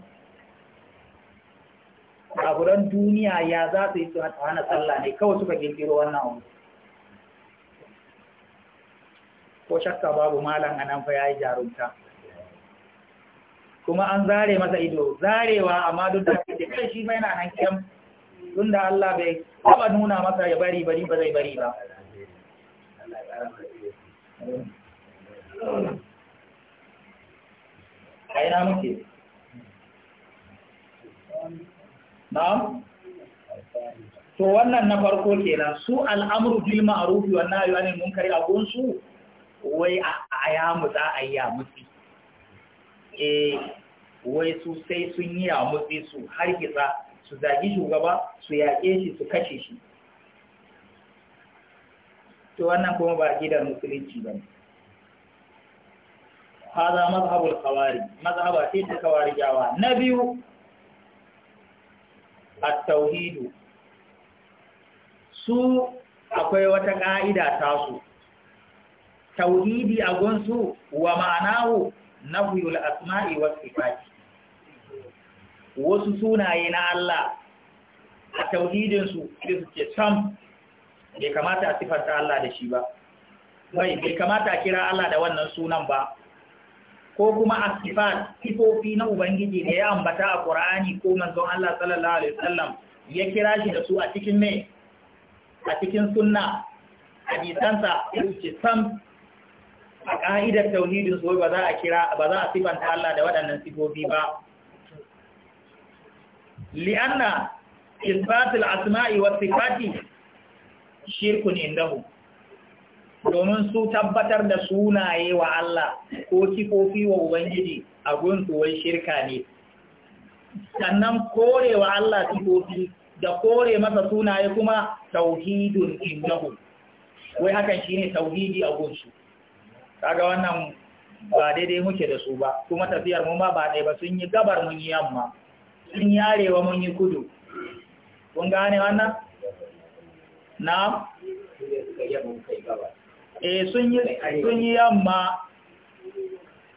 buran duniya ya za su yi su hana sallah ne kawai suka kirkiro wannan abu ko shakka babu malam anan fa yayi jarumta kuma an zare masa ido zarewa amma duk da kai shi mai na nan tunda Allah bai taba nuna masa ya bari bari ba zai bari ba aina muke na'am to wannan na farko kenan su al'amru bil ma'ruf wa nahyi mun munkari a gunsu wai a ya mutsa ayya mutsi eh wai su sai sun yi a mutsi su har kitsa su zagi shugaba su yaƙe shi su kashe shi to wannan kuma ba gidan musulunci ba ne haza mazhabul kawari mazhaba ce ta jawa na biyu at-tauhidu su akwai wata ka'ida ta su tauhidi a gonsu wa ma'anahu nafyul asma'i was sifati wasu sunaye na Allah a tauhidinsu da su ce sam bai kamata a sifanta Allah da shi ba bai bai kamata a kira Allah da wannan sunan ba ko kuma a sifat sifofi na ubangiji da ya ambata a Qur'ani ko manzon Allah sallallahu alaihi wasallam ya kira shi da su a cikin mai a cikin sunna hadisansa su ce sam a ka'idar tauhidinsu su ba za a kira ba za a Allah da waɗannan sifofi ba li'anna isbatul asma'i was sifati shirkun domin su tabbatar da sunaye wa Allah ko kifofi wa ubangiji a gunsu shirka ne sannan kore wa Allah kifofi da kore masa sunaye kuma tauhidun indahu wai hakan shine tauhidi a gunsu kaga wannan ba daidai muke da su ba kuma tafiyar mu ma ba ɗaya ba sun yi gabar mun yi yamma sun yi arewa mun yi kudu kun gane wannan na e eh, sun yi yamma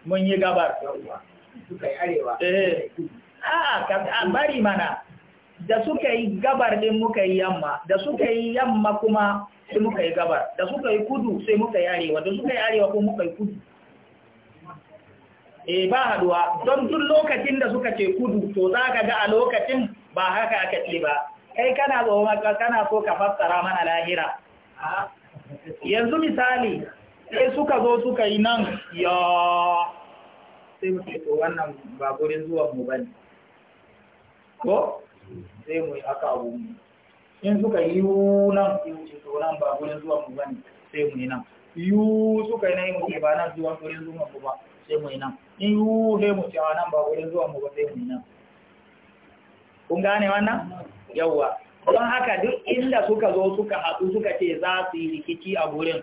mun yi gabar e a bari mana da suka yi gabar din muka yi yamma da suka yi yamma kuma sai muka yi gabar da suka yi kudu sai muka yi arewa da suka yi arewa kuma muka yi kudu eh ba haduwa don tun lokacin da suka ce kudu to za ka ga a lokacin ba haka aka ce ba kai kana zo kana so ka fassara mana lahira yanzu misali sai suka zo suka yi nan ya sai mu ce to wannan ba gurin zuwan mu bane ko sai mu yi haka abu mu in suka yi nan sai ce to nan ba gurin zuwan mu bane sai mu yi nan yu suka yi nan mu ba nan zuwa gurin zuwan mu ba sai mu ina in yu sai mu cewa nan ba wurin zuwa mu ba sai mu nan kun gane wannan yawwa don haka duk inda suka zo suka haɗu suka ce za su yi rikici a wurin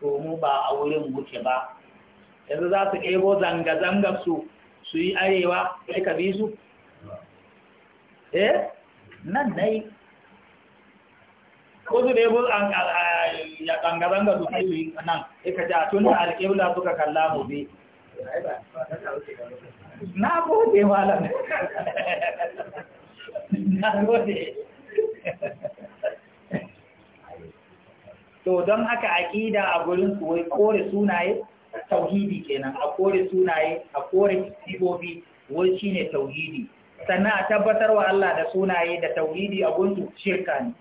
to mu ba a wurin wuce ba yanzu za su ɗebo zanga-zangar su su yi arewa sai ka bi su eh nan dai ko su ɗebo zanga-zangar su kai nan sai ka ja tun da alƙibla suka kalla mu bi na gode malam na gode to don haka aƙida a gurin su wai kore sunaye tauhidi kenan a kore sunaye a kore sibobi wai shine tauhidi sannan a tabbatar wa Allah da sunaye da tauhidi a gunsu shirka ne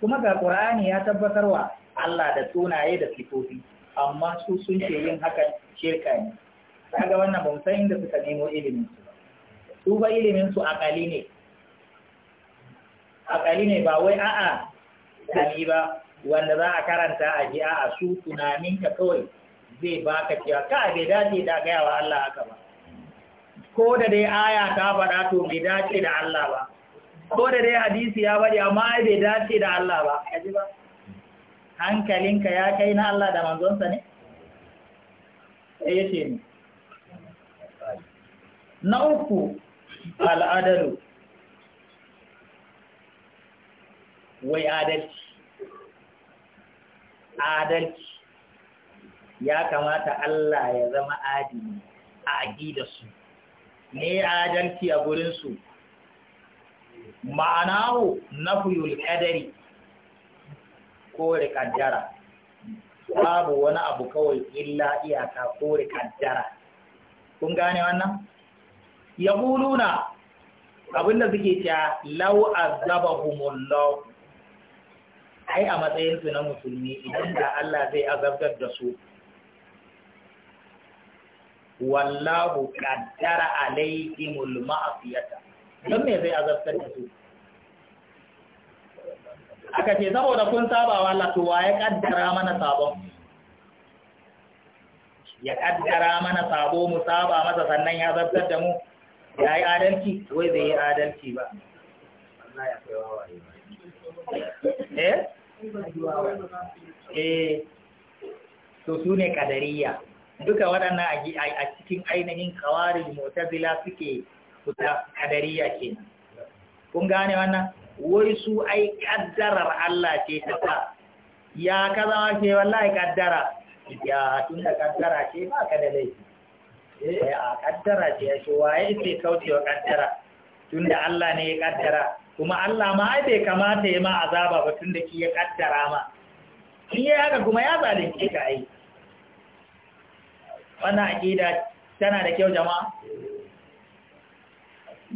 kuma ga Ƙura'ani ya tabbatar wa Allah da sunaye da sifofi amma su sun ce yin hakan shirka ne kaga wannan ba san inda suka nemo ilimin su su ba ilimin su akali ne akali ne ba wai a'a tunani ba wanda za a karanta a ji a'a su tunanin ka kawai zai baka cewa ka bai dace da gaya wa Allah haka ba ko da dai aya ta faɗa to bai dace da Allah ba ko da dai hadisi ya bari amma bai dace da Allah ba ba hankalinka ya kai na Allah da manzonsa ne ya ce na uku al'adalu wai adalci adalci ya kamata Allah ya zama adini a aƙidarsu ne adalci a gurinsu ma'anahu na fuyul ƙadari ko riƙaddara babu wani abu kawai illa iyaka kore kaddara kun gane wannan ya kuluna abinda suke cewa lau azabahumullahu ai a matsayinsu na musulmi idan da Allah zai azabtar da su wallahu qaddara alaihimul ma'siyata don me zai azabtar da su aka ce saboda kun sabawa Allah to wa ya kaddara mana sabon ya kaddara mana sabo mu saba masa sannan ya zartar da mu ya yi adalci wai bai yi adalci ba eh eh to su ne kadariya duka waɗannan a cikin ainihin kawarin zila suke kuta kadariya ke. kun gane wannan wai su ai kaddarar Allah ce ta sa ya ka zama ce wallahi kaddara ya tun da kaddara ce ba ka da laifi eh a kaddara ce shi waye kauce kaucewa kaddara tun da Allah ne ya kaddara kuma Allah ma ai bai kamata ya ma azaba ba tun da shi ya kaddara ma shi ya haka kuma ya zalunce ka ai wannan aqida tana da kyau jama'a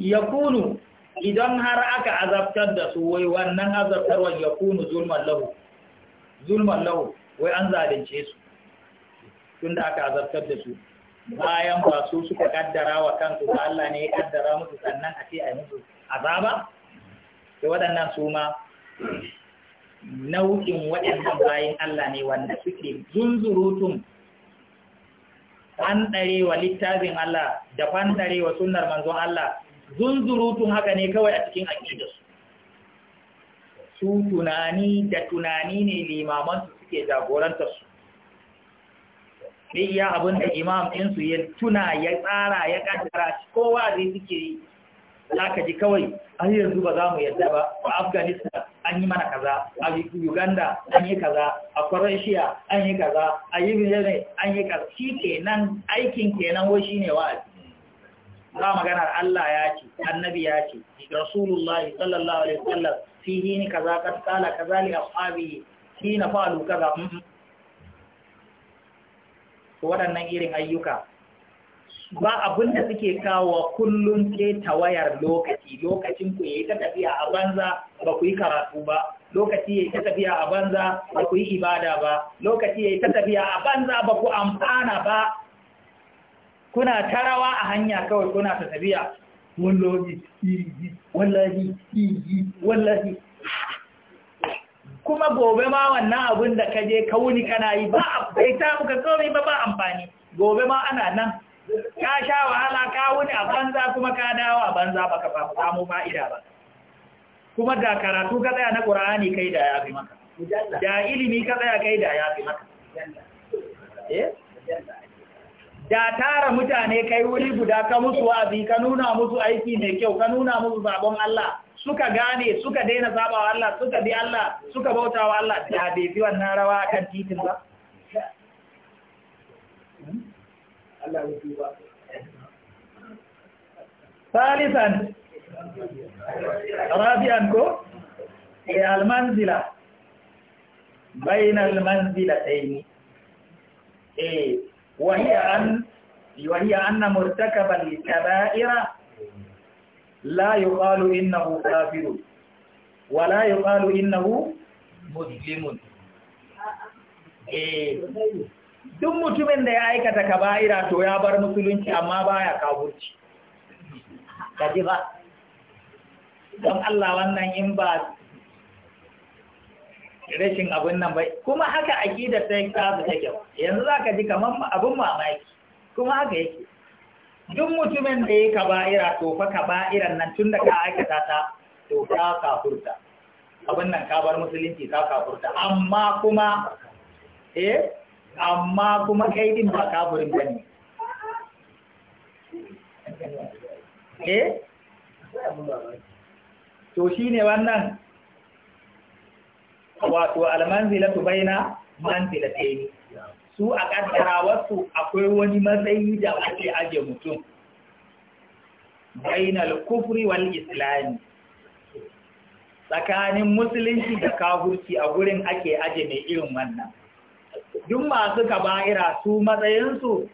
yakunu idan har aka azabtar da su wai wannan azabtarwar ya kunu zulman lahu zulman lahu wai an zalunce su tun da aka azabtar da su bayan ba su suka kaddara wa kansu ba Allah ne ya kaddara musu sannan a ce a musu azaba da waɗannan su ma nau'in waɗannan bayan Allah ne wanda suke zunzurutun an ɗare wa littafin Allah da fan ɗare wa sunnar manzon Allah zunzurutun haka ne kawai a cikin aƙidarsu su tunani da tunani ne limamansu suke jagorantarsu ne ya abin da imam ɗinsu ya tuna ya tsara ya ƙaddara kowa zai suke yi za ji kawai har yanzu ba za mu yadda ba a afghanistan an yi mana kaza a uganda an yi kaza a croatia an yi kaza a yi an yi kaza shi kenan aikin kenan wai shine wa'azi ba maganar Allah ya ce annabi ya ce rasulullahi sallallahu alaihi wasallam yi ni kaza kad qala kaza li ashabi hina fa'alu kaza waɗannan irin ayyuka ba abin da suke kawo kullum ke wayar lokaci lokacin ku yi ta tafiya a banza ba ku yi karatu ba lokaci yi ta tafiya a banza ba ku yi ibada ba lokaci yi ta tafiya a banza ba ku amfana ba kuna tarawa a hanya kawai kuna ta tafiya wallahi iji wallahi iji wallahi kuma gobe ma wannan abin da kaje kauni kana yi ba bai ta muka tsomi ba ba amfani gobe ma ana nan ka sha wahala ka wuni a banza kuma ka dawo a banza baka ba samu fa'ida ba kuma da karatu ka tsaya na qur'ani kai da ya fi maka da ilimi ka tsaya kai da ya fi maka eh da tara mutane kai wuri guda ka musu wa'azi ka nuna musu aiki mai kyau ka nuna musu sabon Allah suka gane suka daina sabawa Allah suka bi Allah suka bautawa Allah da bai fi wannan rawa kan titin ba salisan rabi'an ko ya e, almanzila yi manzilatayn eh وهي أن وهي أن مرتكب الكبائر لا يقال إنه كافر ولا يقال إنه مسلم duk mutumin da ya aikata kaba'ira to ya bar musulunci amma baya kafurci kaji ba don Allah wannan in ba rashin abin nan bai kuma haka aƙidar sai kasu take ba yanzu za ka ji kamar abin mamaki kuma haka yake duk mutumin da ya kaba'ira to fa kaba'iran nan tun da ka aikata ta to ka kafurta abin nan ka bar musulunci ka kafurta amma kuma eh amma kuma kai din ba kafurin bane eh to shine wannan wato almanzilatu baina manzilataini su a kaddara wasu akwai wani matsayi da ake aje mutum bainal kufri wal islami tsakanin musulunci da kafurci a gurin ake aje mai irin wannan duk masu kaba'ira su matsayinsu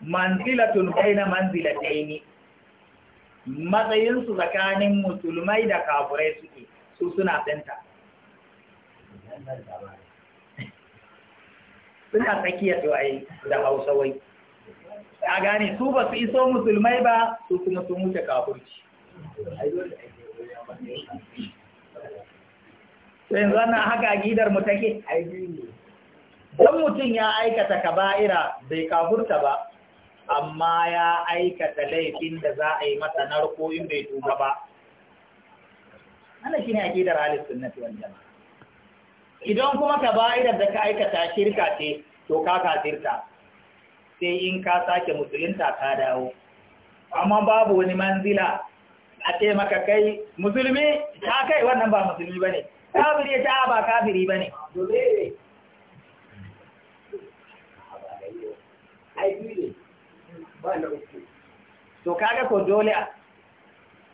manzilatun baina manzilataini matsayinsu tsakanin musulmai da kafurai suke su suna tsanta suna tsakiyar wa'ai da hausawai a gane su ba su iso musulmai ba su kuma sun wuce kafurci sai ana haka gidar mu take don mutum ya aikata ka kaba'ira bai kafurta ba amma ya aikata laifin da za a yi masa narko in bai tuba ba ana shi ne a gidar halittun na tuwon jama'a idan kuma ka bayar da ka aikata shirka ce to ka kafirta sai in ka sake musulunta ka dawo amma babu wani manzila a ce maka kai musulmi ta kai wannan ba musulmi ba ne kafiri ta ba kafiri ba ne to kaga ko dole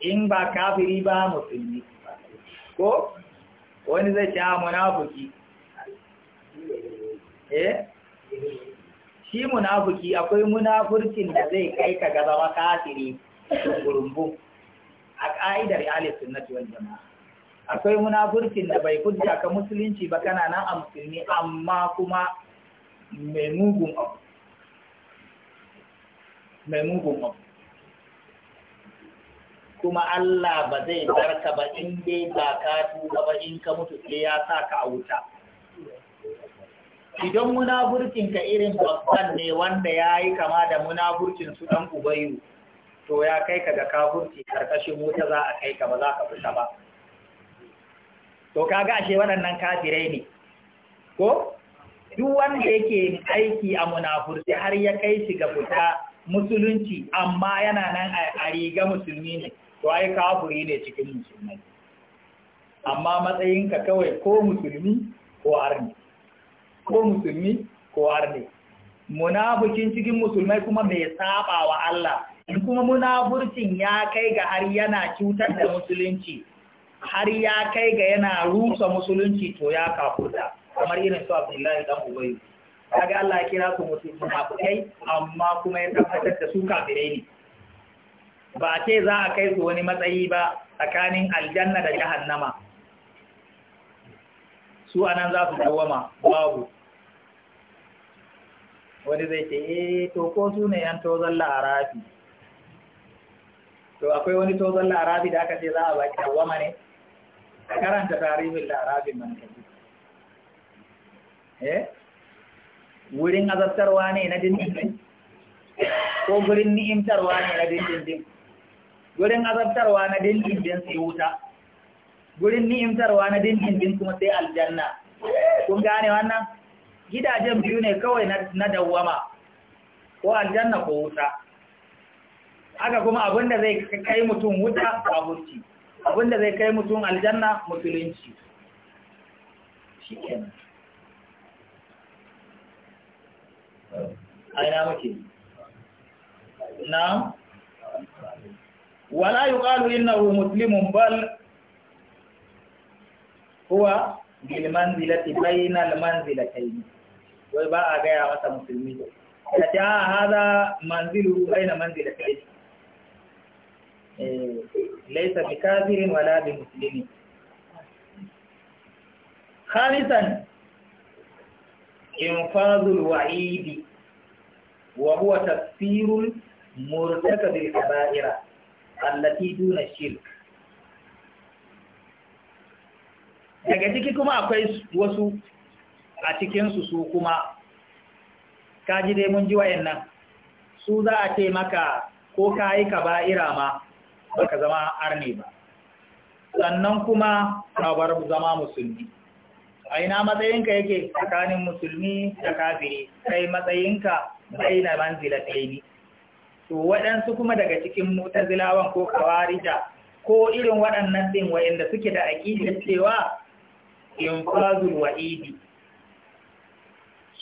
in ba kafiri ba musulmi ko wani zai ce a ah, munafuki eh shi munafuki akwai munafurcin da zai kai ka ga zama kafiri gurumbu a ka'idar ahli sunnati wal jama'a akwai munafurcin da bai kudda ka musulunci ba kana nan a musulmi amma kuma mai mugun abu mai mugun abu kuma Allah ba zai barka ba in dai ba ka tuba ba in ka mutu sai ya sa ka a wuta idan munafurcin ka irin babban ne wanda ya yi kama da munafurcin su Dan ubayu to ya kai ka ga kafurci karkashin wuta za a kai ka ba za ka fita ba to kaga ashe waɗannan kafirai ne ko duk wanda yake aiki a munafurci har ya kai shi ga fita musulunci amma yana nan a riga musulmi ne to ai kafiri ne cikin musulmai amma matsayinka kawai ko musulmi ko arni ko musulmi ko arni munafikin cikin musulmai kuma mai saba wa Allah in kuma munafurcin ya kai ga har yana cutar da musulunci har ya kai ga yana rusa musulunci to ya kafurta kamar irin su Abdullahi dan Ubayy kaga Allah ya kira ku musulmi amma kuma ya tabbatar da su kafirai ne ba a ce za a kai su wani matsayi ba tsakanin aljanna da jahannama su anan za su dawama babu wani zai ce eh to ko su ne yan tozon la'arafi to akwai wani tozon la'arafi da aka ce za a baki dawama ne karanta tarihin la'arafin man eh wurin azabtarwa ne na dindindin ko gurin ni'imtarwa ne na dindindin wurin azabtarwa na dindindin sai wuta gurin ni'imtarwa na dindindin kuma sai aljanna kun gane wannan gidajen biyu ne kawai na dawwama ko aljanna ko wuta haka kuma abinda zai kai mutum wuta kafurci abinda zai kai mutum aljanna musulunci aina muke na ولا يقال إنه مسلم بل هو بالمنزلة بين المنزلتين ويبقى جاي على مسلمين يتعى هذا منزله بين منزلتين ليس بكافر ولا بمسلم خامسا إنفاذ الوعيد وهو تفسير مرتكب الكبائر allati duna shirk daga ciki kuma akwai wasu a cikinsu su kuma kaji dai mun ji wayannan su za a ce maka ko ka ba ka ba'ira ma baka zama arne ba sannan kuma bar zama musulmi a ina matsayinka yake tsakanin musulmi da kafiri kai matsayinka bai na manzila ɗaya to waɗansu kuma daga cikin zilawan ko kawarija ko irin waɗannan ɗin wa'inda suke da aƙidar cewa infazul wa'idi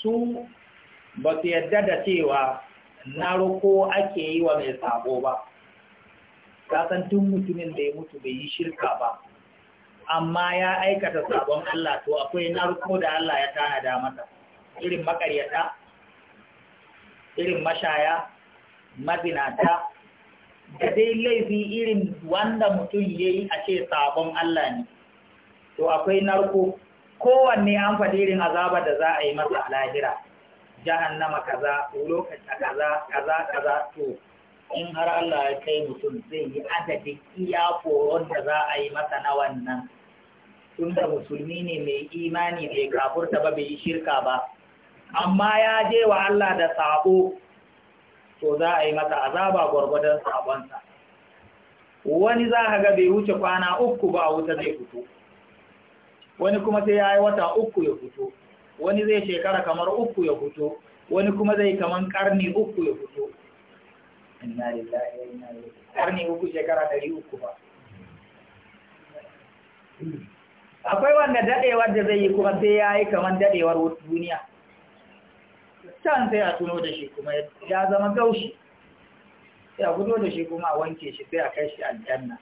su ba su yadda da cewa na roko ake yi wa mai sabo ba kasan tun mutumin da ya mutu bai yi shirka ba amma ya aikata sabon Allah to akwai na roko da Allah ya da mata irin makaryata irin mashaya mazinata da dai laifi irin wanda mutum ya yi a ce sabon Allah ne, to akwai narko, kowanne an faɗi irin azaba da za a yi masa a lahira, jahannama kaza, lokaci kaza, kaza, kaza, to, in har Allah ya kai mutum zai yi adadin iya koron da za a yi masa na wannan, tun musulmi ne mai imani mai kafurta ba bai yi shirka ba, amma ya je wa Allah da saƙo. to za a yi masa azaba gwargwadon sabonsa wani za a ga bai wuce kwana uku ba a wuta zai fito wani kuma sai ya yi wata uku ya fito wani zai shekara kamar uku ya fito wani kuma zai kamar karni uku ya fito karni uku shekara dari uku ba akwai wanda dadewar da zai yi kuma sai ya yi kamar dadewar duniya can sai a tuno da shi kuma ya zama gaushi sai a fito da shi kuma a wanke shi sai a kai shi aljanna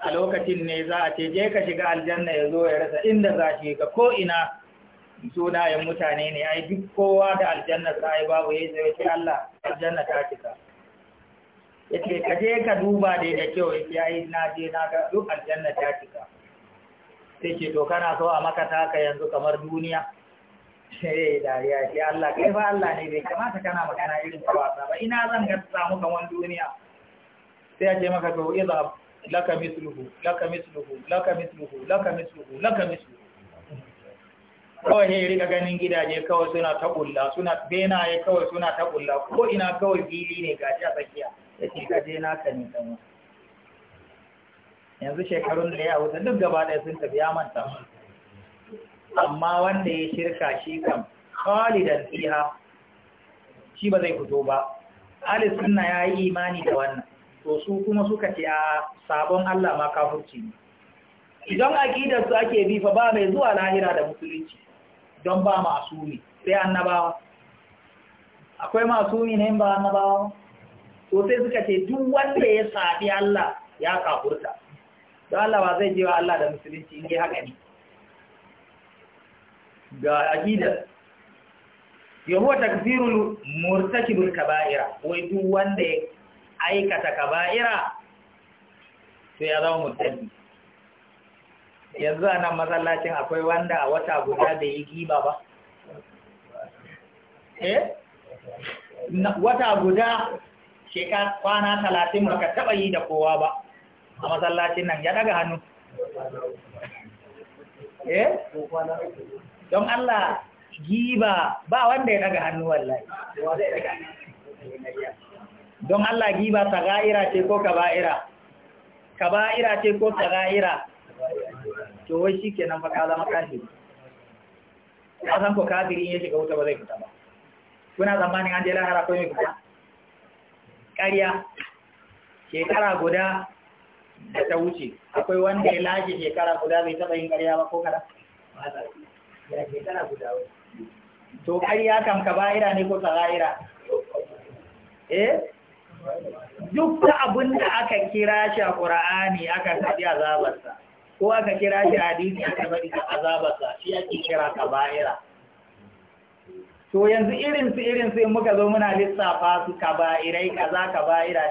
a lokacin ne za a ce je ka shiga aljanna ya zo ya rasa inda za shi ga ko'ina sunayen mutane ne ai duk kowa da aljanna a yi babu ya zai ce Allah aljanna ta cika ya ce ka je ka duba dai da kyau ya ce ai na je na ga duk aljanna ta cika sai ce to kana so a maka taka yanzu kamar duniya sai dariya shi, Allah kai fa Allah ne bai kamata kana magana irin ta wasa ba ina zan ga samu ga wani duniya sai ya ce maka to idza laka misluhu laka misluhu laka misluhu laka misluhu laka misluhu kawai ne rika ganin gidaje kawai suna ta kulla suna benaye kawai suna ta kulla ko ina kawai fili ne gashi a tsakiya yace ka je naka ne kan yanzu shekarun da ya wuce duk gaba ɗaya sun tafi ya manta amma wanda ya shirka shi kan khalidan fiha shi ba zai fito ba ahli sunna yi imani da wannan to su kuma suka ce a sabon Allah ma kafirci ne idan aqidar su ake bi fa ba mai zuwa lahira da musulunci don ba asumi. sai annabawa akwai asumi ne ba annabawa to sai suka ce duk wanda ya sabi Allah ya kafurta don Allah ba zai jewa wa Allah da musulunci in yi haka ne ga aqida ya huwa takfirul murtakibul kaba'ira wai duk wanda ya aikata kaba'ira to ya zama murtabi yanzu a nan masallacin akwai wanda a wata guda da yi giba ba eh wata guda shekar kwana talatin baka taba yi da kowa ba a masallacin nan ya daga hannu eh don Allah giba ba wanda ya daga hannu wallahi don Allah giba taga'ira ce ko kaba'ira kaba'ira ce ko taga'ira to wai shi kenan fa ka zama kafiri Ya san ko kafirin ya shiga wuta ba zai fita ba kuna tsammanin an je lahara ko mai fita ƙarya shekara guda da ta wuce akwai wanda ya lage shekara guda bai taɓa yin ƙarya ba ko kada To shekara guda to ƙarya kam ne ko tsara'ira eh duk da abin da aka kira shi a ƙura'ani aka faɗi azabarsa ko aka kira shi a hadisi aka faɗi azabarsa shi ake kira ba'ira. to yanzu irin su irin su muka zo muna lissafa su za ka ba'ira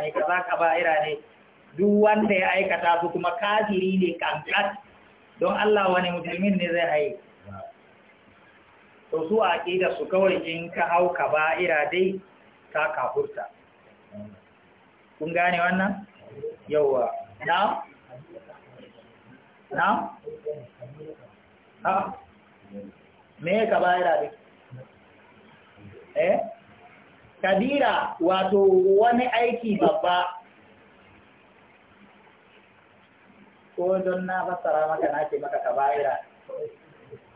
ne ka ba'ira ne duk wanda ya aikata su kuma kafiri ne kankat don Allah wani musulmin ne zai haye to su a ƙida su kawai in ka hau ka ba'ira dai ta kafurta kun gane wannan yauwa na na ha me ka ba'ira dai eh kabira wato wani aiki babba ko don na fassara maka na ce maka ka kaba'ira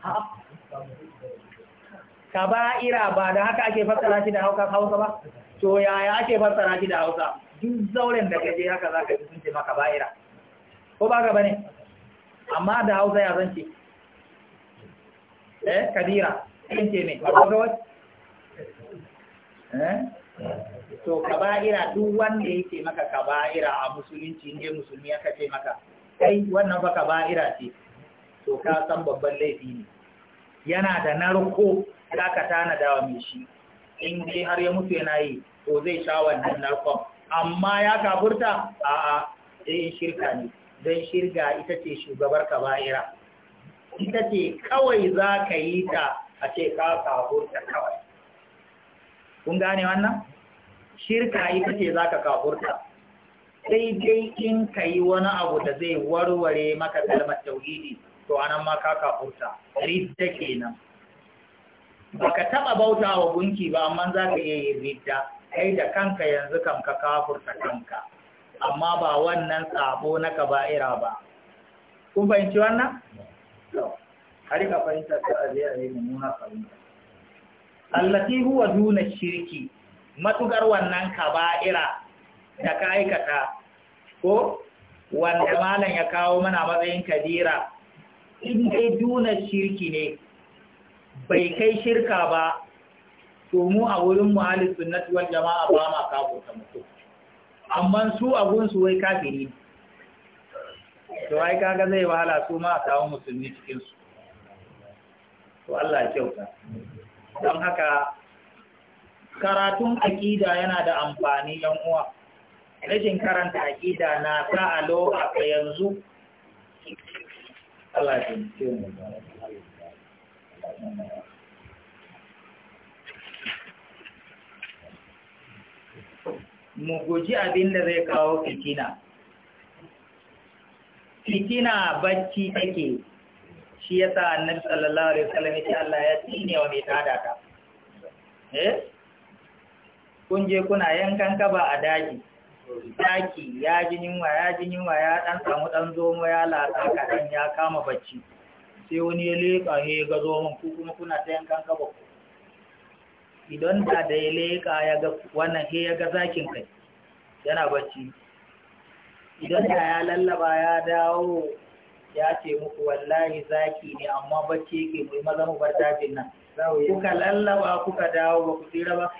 ha kaba'ira ba da haka ake fassara shi da hausa ba to yaya ake fassara shi da hausa duk zauren da kaje haka zaka ji sun ce maka ba'ira ko ba ka bane amma da hausa ya zance eh kabira sun ce ne, ba ga wata eh to kaba'ira duk wanda yake maka kaba'ira a musulunci inde musulmi aka ce maka kai wannan fa kaba'ira ce to ka san babban laifi ne yana da narko za ka tana dawa mai shi in dai har ya mutu yana yi ko zai sha wannan narkon amma ya kaburta a a in shirka ne don shirga ita ce shugabar ba'ira ita ce kawai za ka yi ta a ce ka kaburta kawai kun gane wannan shirka ita ce za ka kaburta sai dai in ka yi wani abu da zai warware maka kalmar tauhidi to anan ma ka kafurta ridda kenan baka taba bauta wa gunki ba amma za ka iya yin ridda kai da kanka yanzu kam ka kafurta kanka amma ba wannan tsabo na kaba'ira ba kun fahimci wannan hari ka fahimta ta aziya ne nuna fahimta allati huwa duna shirki matukar wannan kaba'ira da ka aikata ko wanda malam ya kawo mana matsayin kadira in dai duna shirki ne bai kai shirka ba to mu a wurin mu ahli sunnati wal jama'a ba ma ta mutum amma su a su wai kafiri ne to ai kaga zai wahala su ma a kawo musulmi cikin su to Allah ya kyauta don haka karatun aƙida yana da amfani yan uwa rashin karanta aƙida na sa a yanzu Allah ya kyauta mu guji abin da zai kawo fitina fitina bacci take shi ya sa annabi sallallahu alaihi wasallam ya ce Allah ya tsine wa mai tada ka eh kun je kuna yankan kaba a daji daki ya ji yunwa ya ji yunwa ya dan samu dan zomo ya latsa ka dan ya kama bacci sai wani ya leƙa yi ga zomon ku kuma kuna ta yankan kaba idan da da ya leƙa ya ga wannan he ya ga zakin kai yana bacci idan da ya lallaba ya dawo ya ce muku wallahi zaki ne amma bacci yake mai maza mu bar dajin nan kuka lallaba kuka dawo ba ku tsira ba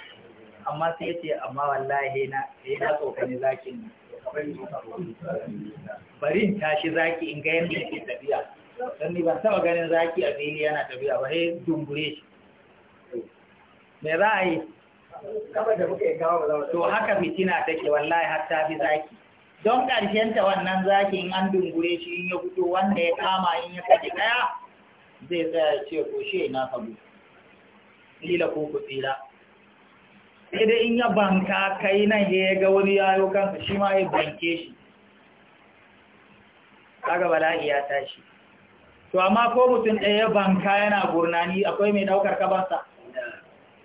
amma sai ce amma wallahi na na tsokani zakin nan bari in tashi zaki in ga yadda yake tafiya don ni ban taba ganin zaki a fili yana tafiya ba sai dumbure shi me za a yi to haka fitina take wallahi har ta fi zaki don ta wannan zaki in an dungure shi in ya fito wanda ya kama in ya saki ɗaya zai tsaya ce ko she na lila ko ku tsira sai dai in ya banka kai nan ya ga wani yayo kansa shi ma ya banke shi kaga bala'i ya tashi to amma ko mutum ɗaya banka yana gurnani akwai mai ɗaukar kabansa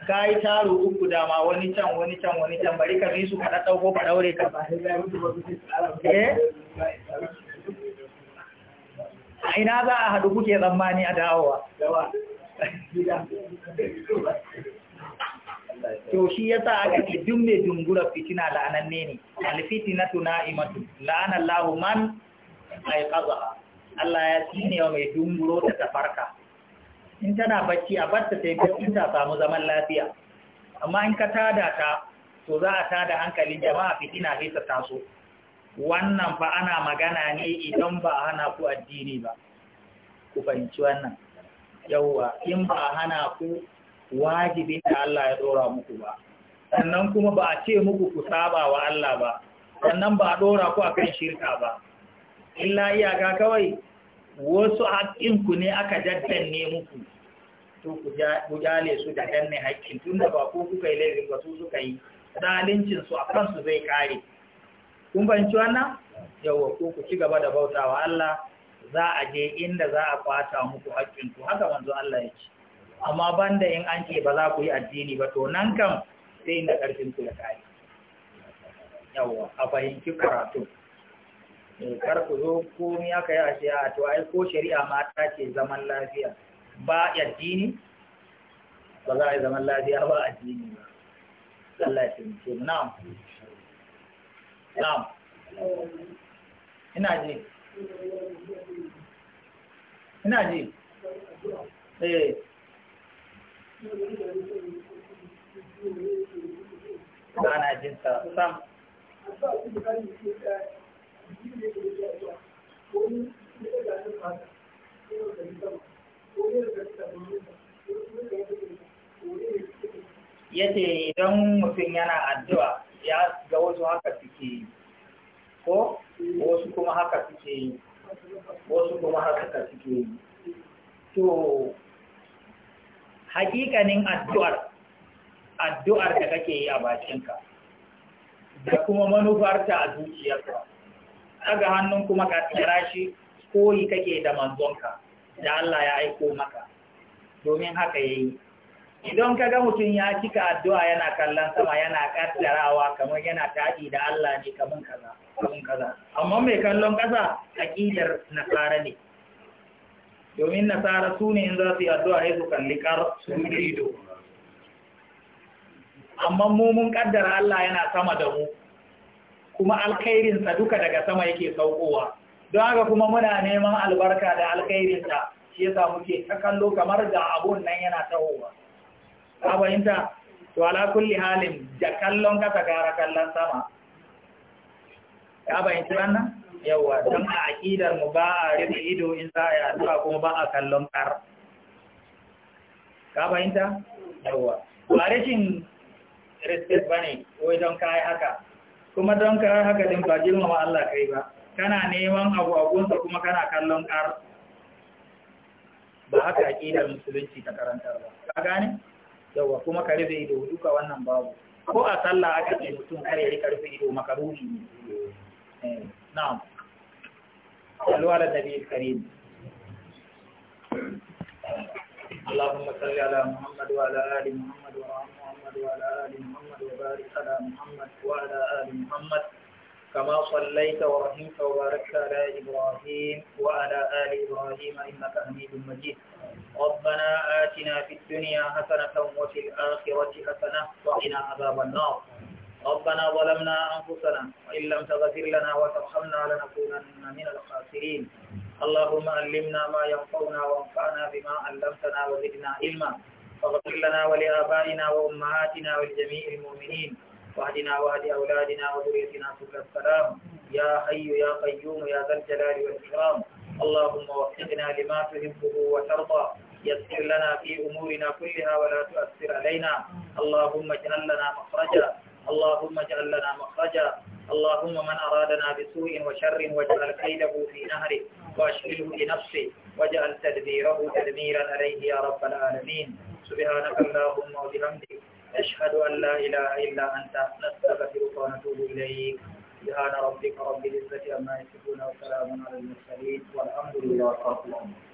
ka yi taro uku dama wani can wani can wani can bari ka bi su kaɗa ɗauko ka ɗaure ka ba eh? a ina za a haɗu kuke tsammani a dawowa to shi ya sa aka ce duk mai dungura fitina la'ananne ne alfitinatu na'imatu la'anallahu man aiqazaha Allah ya tsine wa mai dunguro da ta in tana bacci a barta ta yi ta samu zaman lafiya amma in ka tada ta to za a tada hankalin jama'a fitina sai fesa taso wannan fa ana magana ne idan ba a hana ku addini ba ku fahimci wannan yawwa in ba a hana ku wajibin da Allah ya dora muku ba sannan kuma ba a ce muku ku saba wa Allah ba sannan ba a dora ku akan shirka ba illa iyaka kawai wasu haƙƙinku ne aka ne muku to ku jale su da danne haƙƙin tun da ba ku kuka yi laifin ba su suka yi su a kansu zai kare kun fahimci wannan yawa ko ku ci gaba da bautawa Allah za a je inda za a kwata muku haƙƙinku haka manzo Allah ya ce amma banda in an ce ba za ku yi addini ba to nan kam sai inda ƙarfin ku ya kare yawa a fahimci karatu kar ku zo komai aka yi a shari'a to ai ko shari'a mata ce zaman lafiya ba addini ba za a yi zaman lafiya ba addini ba Allah ya taimake mu na'am na'am ina ji ina ji eh ba na sam ya idan mutum yana addu'a ya ga wasu haka suke yi ko wasu kuma haka suke yi wasu kuma haka suke yi to hakikanin addu'ar addu'ar da kake yi a bakinka da kuma manufarta a zuciyarka ɗaga hannun kuma ka tsira shi koyi kake da manzonka da Allah ya aiko maka domin haka ya yi. idan kaga mutum ya cika addu'a yana kallon sama yana kaddarawa kamar yana taɗi da Allah ne kamun kaza kaza amma mai kallon a ƙidar nasara ne domin nasara su ne in za su yi addu'a ya su kalli ƙar su ido amma mu mun Allah yana sama da mu kuma alkhairinsa duka daga sama yake saukowa don haka kuma muna neman albarka da alkhairinsa shi yasa muke ta kallo kamar da abun nan yana tahowa ka fahimta to ala kulli halin da kallon kasa gara kallon sama ka fahimci wannan yawa don a aƙidar mu ba a rufe ido in za a yi addu'a kuma ba a kallon kar ka fahimta yawa ba rashin respect ne, wai don kayi haka kuma don karar haka din ba girmama Allah kai ba kana neman abu abunsa kuma kana kallon kar ba haka aqidar musulunci ta karantar ba ka gane yawa kuma ka rufe ido duka wannan babu ko a sallah aka ce mutum kar ya rika rufe ido makaruni ne eh, na'am alwa da nabiyil karim اللهم صل على محمد وعلى ال محمد وعلى وعلى آل محمد وبارك على محمد وعلى آل محمد كما صليت ورحمت وباركت على إبراهيم وعلى آل إبراهيم إنك حميد مجيد ربنا آتنا في الدنيا حسنة وفي الآخرة حسنة وقنا عذاب النار ربنا ظلمنا أنفسنا وإن لم تغفر لنا وترحمنا لنكونن من الخاسرين اللهم علمنا ما ينفعنا وانفعنا بما علمتنا وزدنا علما واغفر لنا ولآبائنا وأمهاتنا ولجميع المؤمنين واهدنا واهد أولادنا وذريتنا سبل السلام يا حي يا قيوم يا ذا الجلال والإكرام اللهم وفقنا لما تحبه وترضى يسر لنا في أمورنا كلها ولا تؤثر علينا اللهم اجعل لنا مخرجا اللهم اجعل لنا مخرجا اللهم من أرادنا بسوء وشر واجعل كيده في نهره وأشغله لنفسه واجعل تدبيره تدميرا عليه يا رب العالمين سبحانك اللهم وبحمدك أشهد أن لا إله إلا أنت نستغفرك ونتوب إليك سبحان ربك رب العزة عما يصفون وسلام على المرسلين والحمد لله رب العالمين